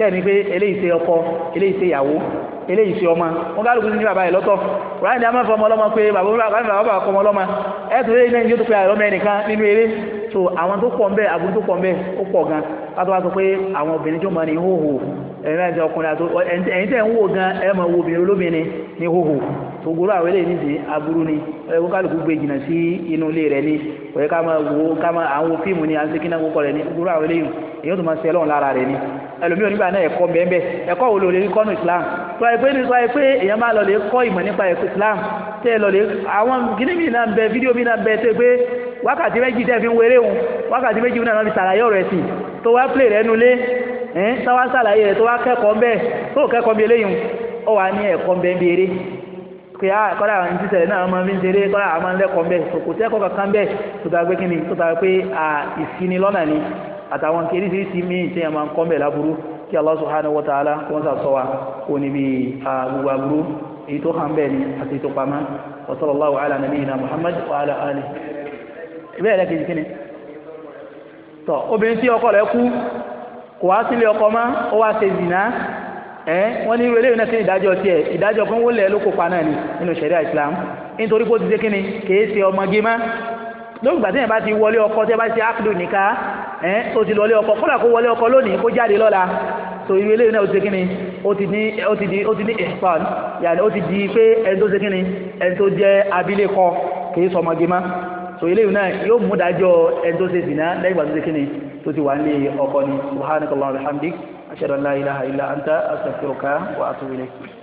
tẹ́ẹ̀ni pé eléyìí ṣe ọkọ eléyìí ṣe ìyàwó eléyìí ṣe ọmọ wọn kálukú ní bàbá yìí lọ́tọ̀ rárá ní a máa fọ ọmọ ọlọ́mọ pé bàbá bàbá ọkọ ọmọ ọlọ́mọ ẹ tó lé lẹ́yìn yóò tó pe àìrọ́mọ ẹnìkan nínú eré so àwọn tó pọ̀ nbẹ àbúrò tó pọ̀ nbẹ ó pọ̀ gan pátó wá sọ pé àwọn obìnrin tó mọ ní hóhò ẹ̀rọ ẹ̀jẹ̀ ọkùnrin àti ẹ̀yìn tẹ̀ ń wò gan ẹ̀ ni ọ̀yẹ́ kó kálukú gbé jìnnà sí inú ilé ni ọ̀yẹ́ ká máa wo ká máa àwọn fíìmù ni àti kíná gbókọ̀ rẹ̀ ni gbóró àwọn ẹlòmíì onígbà náà ẹ̀kọ́ bẹ́ẹ̀ ẹ̀kọ́ wo ló lè kọ́ nu islam tó àìpé ní tó àìpé èèyàn máa lọ lè kọ́ ìmọ̀ nípa ẹ̀kọ́ islam tẹ́ ẹ lọ lè àwọn gíní mi náà ń bẹ fídíò mi náà ń bẹ tẹ́ pé wákàtí méjì tẹ́ fi ń wéré òun wákàtí méjì náà fi sàlàyé ọ̀rọ̀ ẹ̀sìn tó wá pè rẹ̀ nulẹ̀ ẹ̀ táwa sàlàyé rẹ̀ tó wá kẹ́kọ̀ọ́ bẹ́ẹ̀ tó kẹ́kọ̀ọ́ bí eléyìí ó wà ní ẹ̀kọ́ bẹ́ẹ̀ bí a kọ́lá àwọn àtàwọn kí eríṣìí sí mí tí a máa ń kọ́ mẹ́ láburú kí Allah subhanahu wa ta'ala wọ́n sàsọ wa kó níbi gbogbo aburú èyí tó hàn bẹ́ẹ̀ ni àti ètò pamọ́ wa sallallahu Muhammad wa ala alihi ìbẹ́ẹ̀ ni tọ́ obìnrin tí ọkọ rẹ̀ kú kò wá sílé ọkọ mọ́ ó wá ṣe zìnà ẹ wọn ní irú ni nínú Islam nítorí pé ó ti ṣe kíni lóògbà tí yẹn bá ti wọlé ọkọ tí yẹn bá ti ákìlù nìka ẹ̀ o ti lọlé ọkọ kódà kó wọlé ọkọ lónìí kó jáde lọ́la so irú eléyìí náà ó ti ṣe kíni ó ti ní ó ti di ó ti ní ìfàn eh, yàrá ó ti di pé ẹni tó ṣe kíni ẹni tó jẹ́ abilékọ kì í má so eléyìí náà yóò mú dájọ́ ẹni tó ṣe zìnà lẹ́yìn tó ti wà nílé ọkọ ni subhanakallahumma wa bihamdik ashhadu an la ilaha illa anta astaghfiruka wa atubu ilayk